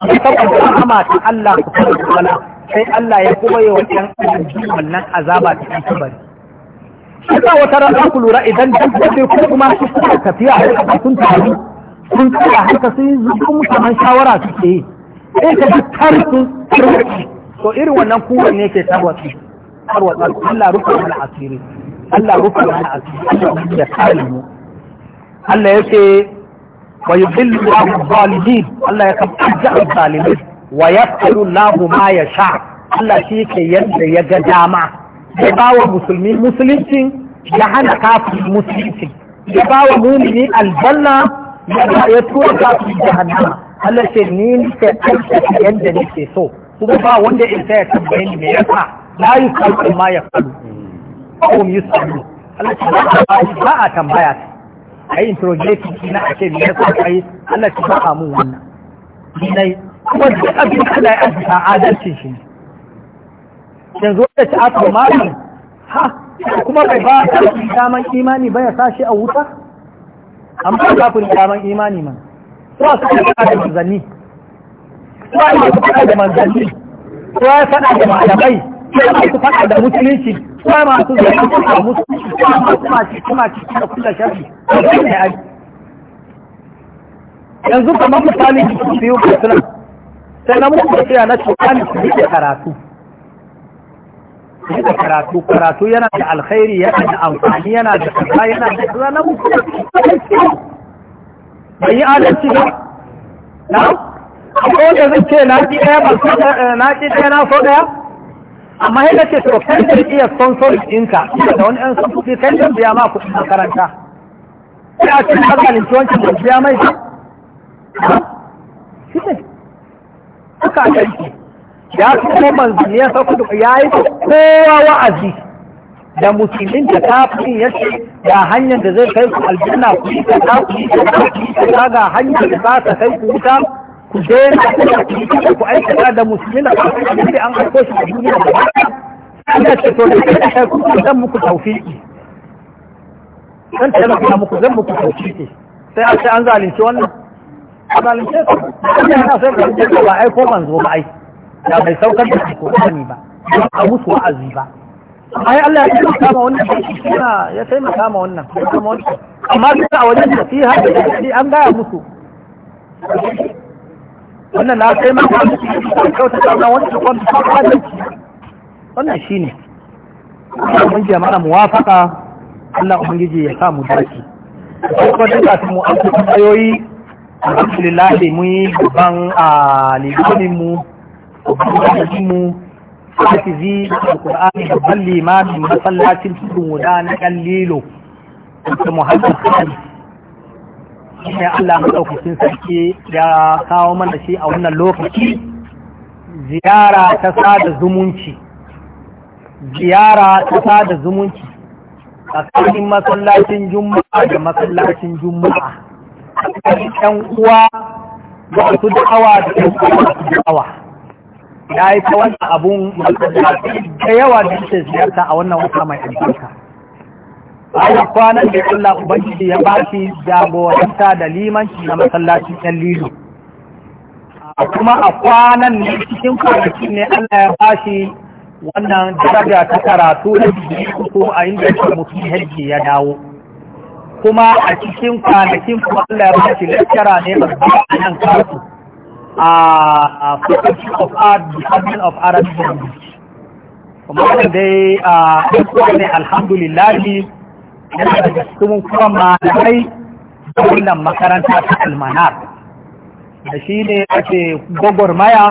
Speaker 1: saboda rahama ta Allah ku wa ta'ala sai Allah ya kuma yi ɗan ajin wannan azaba ta kabari kuma wata ran ku lura idan dabbobi ko kuma su suka tafiya a sun tafi sun tsaya haka sai zuwa mutanen shawara suke yi sai ka ji tarkin tarki to irin wannan kuwan ne ke tarwatsi tarwatsa Allah rufe mana asiri Allah rufe mana asiri Allah ya kare mu Allah yake wa yudillu Allahu zalimin Allah ya kafa zalimin wa yaqulu Allahu ma yasha Allah shi yake yadda ya ga dama ya bawa musulmi musulunci ya hana kafin musulunci ya bawa mumini aljanna ya tura kafin jahannama Allah ni yadda so kuma ba wanda in ya tambaye ni me yasa la yusallu ma yafalu ko yusallu Allah ce ba a tambaya a yi interrogating na a ce ya kai Allah ki ba mu wannan dinai kuma duk abin da Allah ya azza adalcin shi yanzu da ta aka ma ha kuma bai ba ta daman imani ba ya sashi a wuta amma ba ku kun daman imani man to su ka da manzanni to ai faɗa da manzanni to ya faɗa da malamai to ai ka da musulunci ko masu zai ko musu ko masu maci kuma cikin da kula shafi ko ne ai yanzu kamar misali biyu ko suna sai na muku tafiya na tsakani su yi karatu da karatu karatu yana da alkhairi yana da amfani yana da kaza yana da kaza na muku bai yi adalci ba na a wanda zai ce na ki ɗaya eh, na ki ɗaya na so ɗaya amma yadda ce to kan da iya sponsor ɗinka da wani ɗan sponsor kan da biya ma kuɗin makaranta Ya a cikin hankalin wancan da biya mai ba shi ne suka ya fi kuma manzanni ya sauka duk ya yi kowa wa'azi da musulmin da fi ya ce ga hanyar da zai kai ku aljanna ku yi ta ku yi ta ta ga hanyar da za ta kai ku wuta ku daina ku aikata da musulmina da an aiko shi a duniya da Ina ce to da kai kai ku zan muku tawfiki dan taimaka muku zan muku tawfiki sai a ce an zalunci wannan a zalunce su kuma yana sai ka ce ba aiko manzo ba ai da bai saukar da alkur'ani ba a musu wa'azi ba ai Allah ya taimaka ma wannan yana ya taimaka ma wannan amma suna a wajen nasiha da an gaya musu wannan na kai maka kyauta ta wannan wanda kwan ta kwanan wannan mu mun ji mana muwafaka Allah ubangiji ya sa mu dace ko da ta mu an ta ayoyi alhamdulillah mun yi gaban a limamin mu ubangiji mu hafizi alqur'ani da balli ma min masallacin tudun wuda na kallilo da muhammad sai Allah maɗaukacin sarki ya kawo mana shi a wannan lokaci ziyara ta sada zumunci ziyara ta sada zumunci tsakanin masallacin juma'a da masallacin juma'a tsakanin uwa masu da'awa da ɗan uwa masu da'awa ya yi ta wannan abun masallaci da yawa da ke ziyarta a wannan wata mai albarka ana kwanan da Allah Ubangiji ya bashi jagoranta da limanci na masallaci ɗan lilo. Kuma a kwanan ne cikin kwanakin ne Allah ya bashi wannan daraja ta karatu da kuku a inda ya mutum hajji ya dawo. Kuma a cikin kwanakin kuma Allah ya bashi lecturer ne babban a nan kasu a Faculty of Art, Department of Arabic Language. Kuma dai a ne alhamdulillahi yana daga cikin kuma malamai da wannan makaranta ta almanar da shi ne ake gwagwarmaya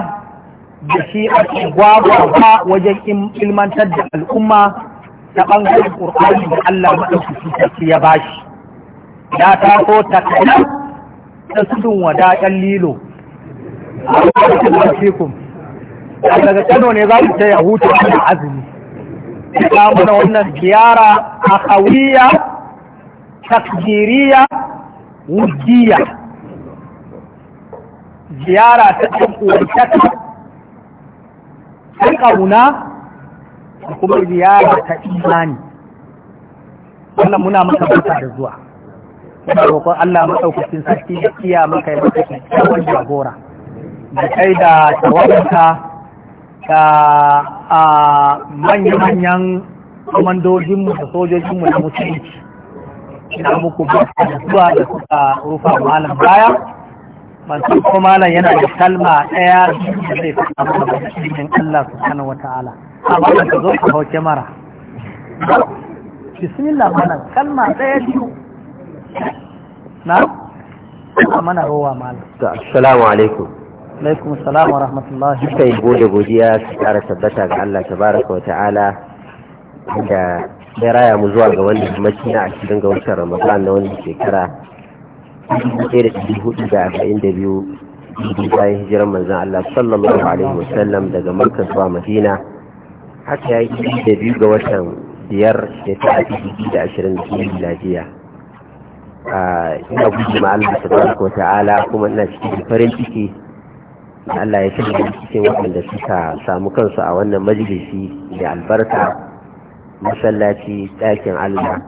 Speaker 1: da shi ake gwagwagwa wajen ilmantar da al'umma ta ɓangaren ƙur'ani da Allah maɗaukaki sarki ya bashi ya taso ta kaɗan ta tudun wada ƴan lilo a
Speaker 2: Da daga Kano ne za su ta yahuta da
Speaker 1: azumi ya wannan ziyara a hawiya takdiriya wujiya ziyara ta ɗan'uwartaka ta ƙauna da kuma ziyara ta imani wannan muna maka bata da zuwa muna roƙon Allah maɗaukacin sarki da kiya maka yi maka jagora da kai da tawarinka da a manya-manyan komandojinmu da sojojinmu da musulunci ina muku zuwa da suka rufa malam baya masu kuma malam yana da kalma ɗaya da zai faɗa mana da cikin Allah subhanahu wata'ala amma da ka zo ka hauke mara bismillah malam kalma ɗaya biyu na a mana rowa malam
Speaker 2: assalamu alaikum
Speaker 1: alaikum salam wa rahmatullahi duka yi gode
Speaker 2: godiya su kara tabbata ga Allah tabaraka wa ta'ala da ya raya mu zuwa ga wanda jimaci na ashirin ga watan ramadan na wani shekara ɗaya da ɗari hudu da arba'in da biyu bayan hijirar manzan Allah sallallahu alaihi wasallam daga markaz zuwa madina haka ya yi da biyu ga watan biyar shekara ta dubu da ashirin da biyu miladiya ah, ina gudu ma Allah tabaraka wa ta'ala kuma ina cikin farin ciki Allah ya shirya cikin waɗanda suka samu kansu a wannan majalisi da albarka masallaci ɗakin Allah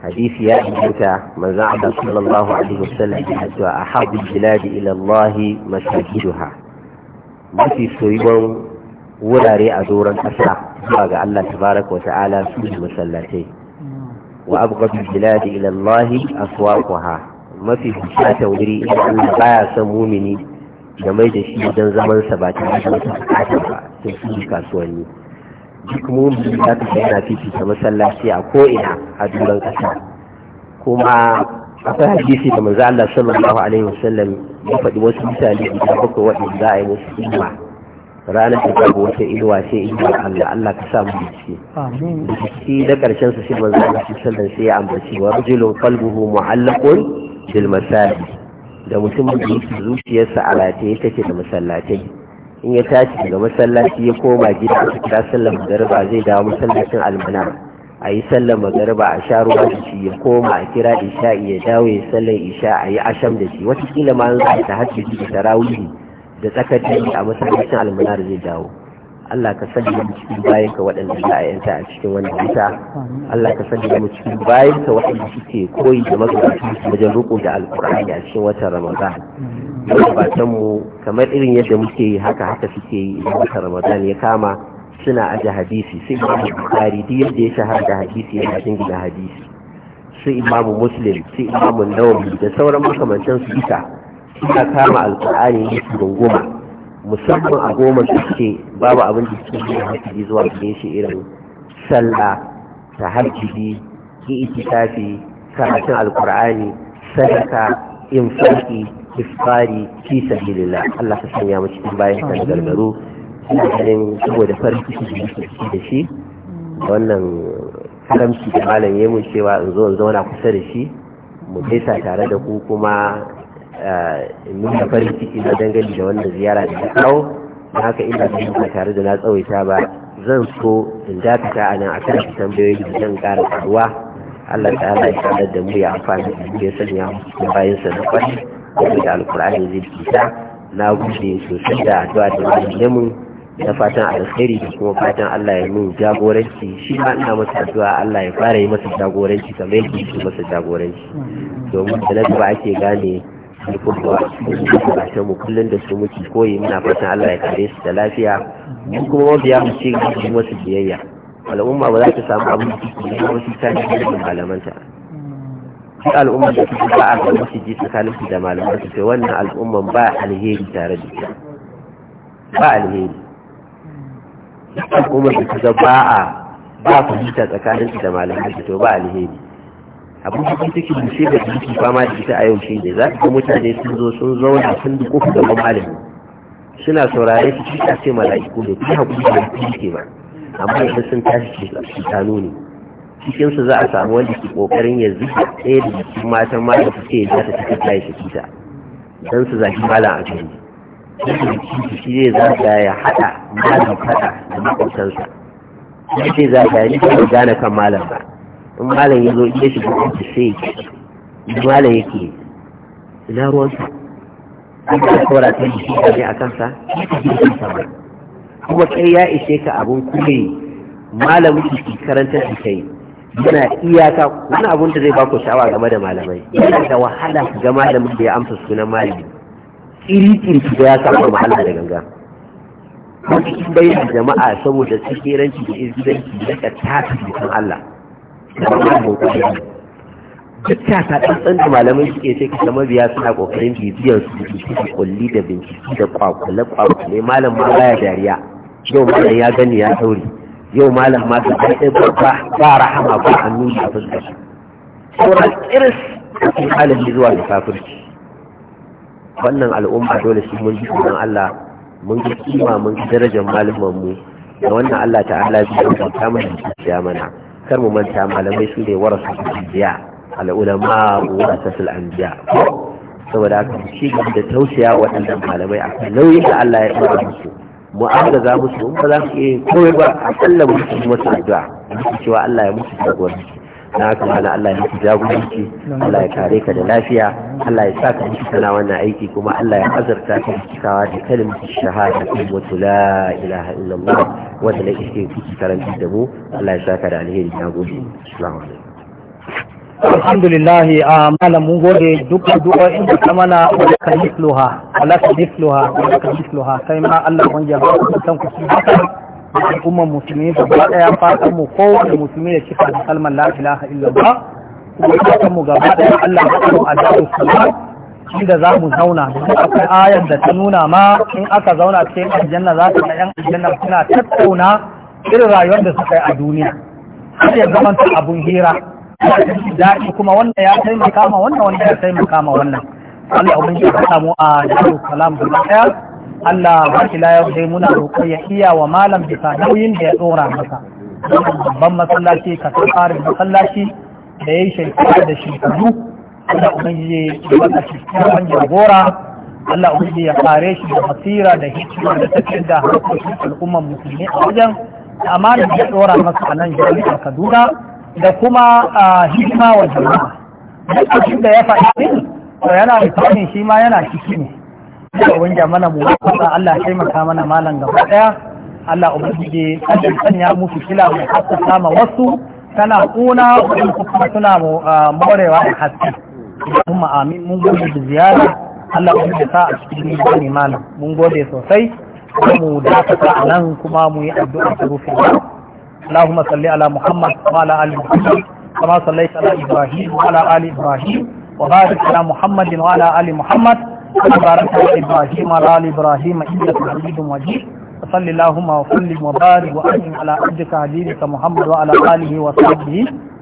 Speaker 2: hadisi ya inganta manzon Allah sallallahu alaihi wasallam ya ce a habu biladi ila Allah mashahiduha mafi soyuwan wurare a doron ƙasa zuwa ga Allah tabaraka wa ta'ala su ne masallatai wa abghadu biladi ila Allah aswaquha mafi fusata wuri idan Allah baya son mumini da mai da shi don zaman sa ba yi da wata bukata ba ta su kasuwanni duk mumbi za ta ga yana fifita masallaci a ko'ina a duran kasa kuma akwai hadisi da manzo Allah sallallahu alaihi wasallam ya faɗi wasu misali guda bakwai waɗanda za a yi musu ilma ranar da babu wata ilwa sai ilwa Allah Allah ka sa mu dace shi da karshen su shi manzo Allah sallallahu alaihi wasallam sai ya ambaci wa rajulun qalbuhu mu'allaqun bil masajid da mutumin da yake zuciyarsa a rataye take da masallatai in ya tashi daga masallaci ya koma gida a kira sallar magariba zai dawo masallacin almana a yi sallar magariba a sha ruwa da shi ya koma a kira isha'i ya dawo ya sallar isha a yi asham da shi Wataƙila ma an zai ta hajji da tarawihi da tsakar a masallacin almana zai dawo Allah ka sanya mu cikin bayan ka waɗanda za a yanta a cikin wannan wuta Allah ka sanya mu cikin bayan ka waɗanda suke koyi da magabatan wajen roƙo da alƙur'ani a cikin watan Ramadan magabatan mu kamar irin yadda muke yi haka haka suke yi idan watan Ramadan ya kama suna aje hadisi sai imamu Bukhari duk yadda ya shahara da hadisi yana jingina hadisi sai imamu Muslim sai imamu Nawawi da sauran makamantan su ita suna kama alkur'ani ne su gunguma musamman a goma ce babu abin da suke yin hajji zuwa gare shi irin sallah ta hajji ki itikafi karatun alkur'ani sadaka infaki iskari fi sabilillah Allah ka sanya mu cikin bayan ka gargaro ina ganin saboda farin ciki da shi da shi wannan karamci da malam ya mun cewa in zo in zauna kusa da shi mu sa tare da ku kuma Eh, nuna farin ciki na dangane da wannan ziyara da ya kawo da haka ina da ba tare da na tsawaita ba zan so in dakata a nan a kan tambayoyi da zan kara karuwa Allah ta'ala ya kada da mu ya amfani da ya sanya mu bayan sa na kwani da alkur'ani zai fita na gode sosai da addu'a da malamin na fatan alkhairi da kuma fatan Allah ya min jagoranci shi ma ina masa addu'a Allah ya fara yi masa jagoranci kamar yadda yake masa jagoranci domin da na ba ake gane da a mu kullum da su muke koyi muna fatan Allah ya kare su da lafiya mu kuma mabiya mu ce ga wasu biyayya al'umma ba za ta samu abin da take da wasu tarihi da malamanta shi al'umma da take ba a ga su ji tsakanin da malamanta sai wannan al'umman ba alheri tare da
Speaker 4: ita ba
Speaker 2: alheri al'ummar da ta ba a ba fahimta tsakanin da malamanta to ba alheri abin da take bushe da take fama da ita a yau shi ne za ka mutane sun zo sun zauna sun duku da malami suna saurare su ta ce mala'iku da kuma hakuri da su ke ba amma idan sun tashi su tano ne cikin su za a samu wanda ke kokarin ya zuba ɗaya da jikin matan malam su ce za ta tafi ta shi kita dan su zaki malam a kan ji shi zai za ka ya haɗa malam faɗa da makwabtansa shi zai za ka yi gane kan malam ba in malam ya zo ya shiga ofis sai malam ya ke ina ruwan su an ka kora ta jiki ne a kansa kuma kai ya ishe ka abun malam malamin ki karanta shi kai yana iyaka wani abun da zai ku sha'awa game da malamai yana da wahala ga malamin da ya amsa sunan malami iri-iri ki ga ya samu wahala da ganga kuma cikin bayyana jama'a saboda tsakiranci da izgidanci da ta tafi bisan Allah dukka ta tsantsan da malamai suke sai ka mabiya suna ƙoƙarin bibiyar su da kulli da bincike da kwakwale kwakwale malam ma baya dariya yau malam ya gani ya sauri yau malam ma ta kai ba ba rahama ba hannu da fuskar sauran iris cikin halin zuwa da kafirci wannan al'umma dole su mun ji kuma Allah mun ji kima mun ji darajar malaman mu da wannan Allah ta'ala zai ta mana ya mana kar mu manta malamai su ne warasu anbiya al'ulama warasatul anbiya saboda ci gaba da tausaya waɗannan malamai a kan nauyin da Allah ya ɗora musu mu'amala za musu in ba za su iya kowai ba a tsallan musu masu addu'a cewa Allah ya musu jagoranci na haka da Allah ya maka jagoranci Allah ya kare ka da lafiya Allah ya sa ka miki sana wannan aiki kuma Allah ya azarta ka cikawa da kalmar shahada wato la ilaha illallah wanda na iske kuki karanta da mu Allah ya sa ka da alheri na gobe assalamu alaikum
Speaker 1: alhamdulillah a malam mun gode duk duwa inda ka mana wani ka misluha wala wani misluha wala kai ma Allah wani ya ba san haka al'ummar musulmi gaba daya fatan mu kowane musulmi da cika da kalmar la ilaha illallah kuma fatan mu gaba daya Allah ya kawo adabu salam inda za mu zauna duk akwai ayar da ta nuna ma in aka zauna cikin aljanna za ta yan aljanna suna tattauna irin rayuwar da suka yi a duniya har ya zama ta abun hira daɗi kuma wannan ya taimaka ma wannan wannan ya taimaka ma wannan Allah ubangiji ya samu a daru salam gaba daya Allah ba shi la dai muna roƙo ya iya wa malam bisa nauyin da ya tsora masa babban masallaci ka san tsarin masallaci da ya yi shekara da shekaru Allah ubangiji ya baka shekaran gora. Allah ubangiji ya kare shi da basira da hikima da tafiyar da harkokin al'ummar musulmi a wajen da amanar da ya tsora masa a nan jami'ar Kaduna da kuma hikima wa jama'a. Duk da ya faɗi to yana da shi ma yana ciki ne. da wani mana mu Allah Allah taimaka mana malam gaba daya Allah ubangiji kan sanya mu fitila mu haska sama wasu tana kuna kuma suna ah, morewa da haske kuma amin mun gode da ziyara Allah ubangiji sa a cikin gani malam mun gode sosai mu dakata a nan kuma mu yi addu'a ta rufe اللهم صل على محمد وعلى ال محمد كما صليت على ابراهيم وعلى ال ابراهيم وبارك على محمد وعلى ال محمد بارك إبراهيم على إبراهيم إنك حميد مجيد وصل اللهم وسلم وبارك وأنعم على عبدك عزيزك محمد وعلى آله وصحبه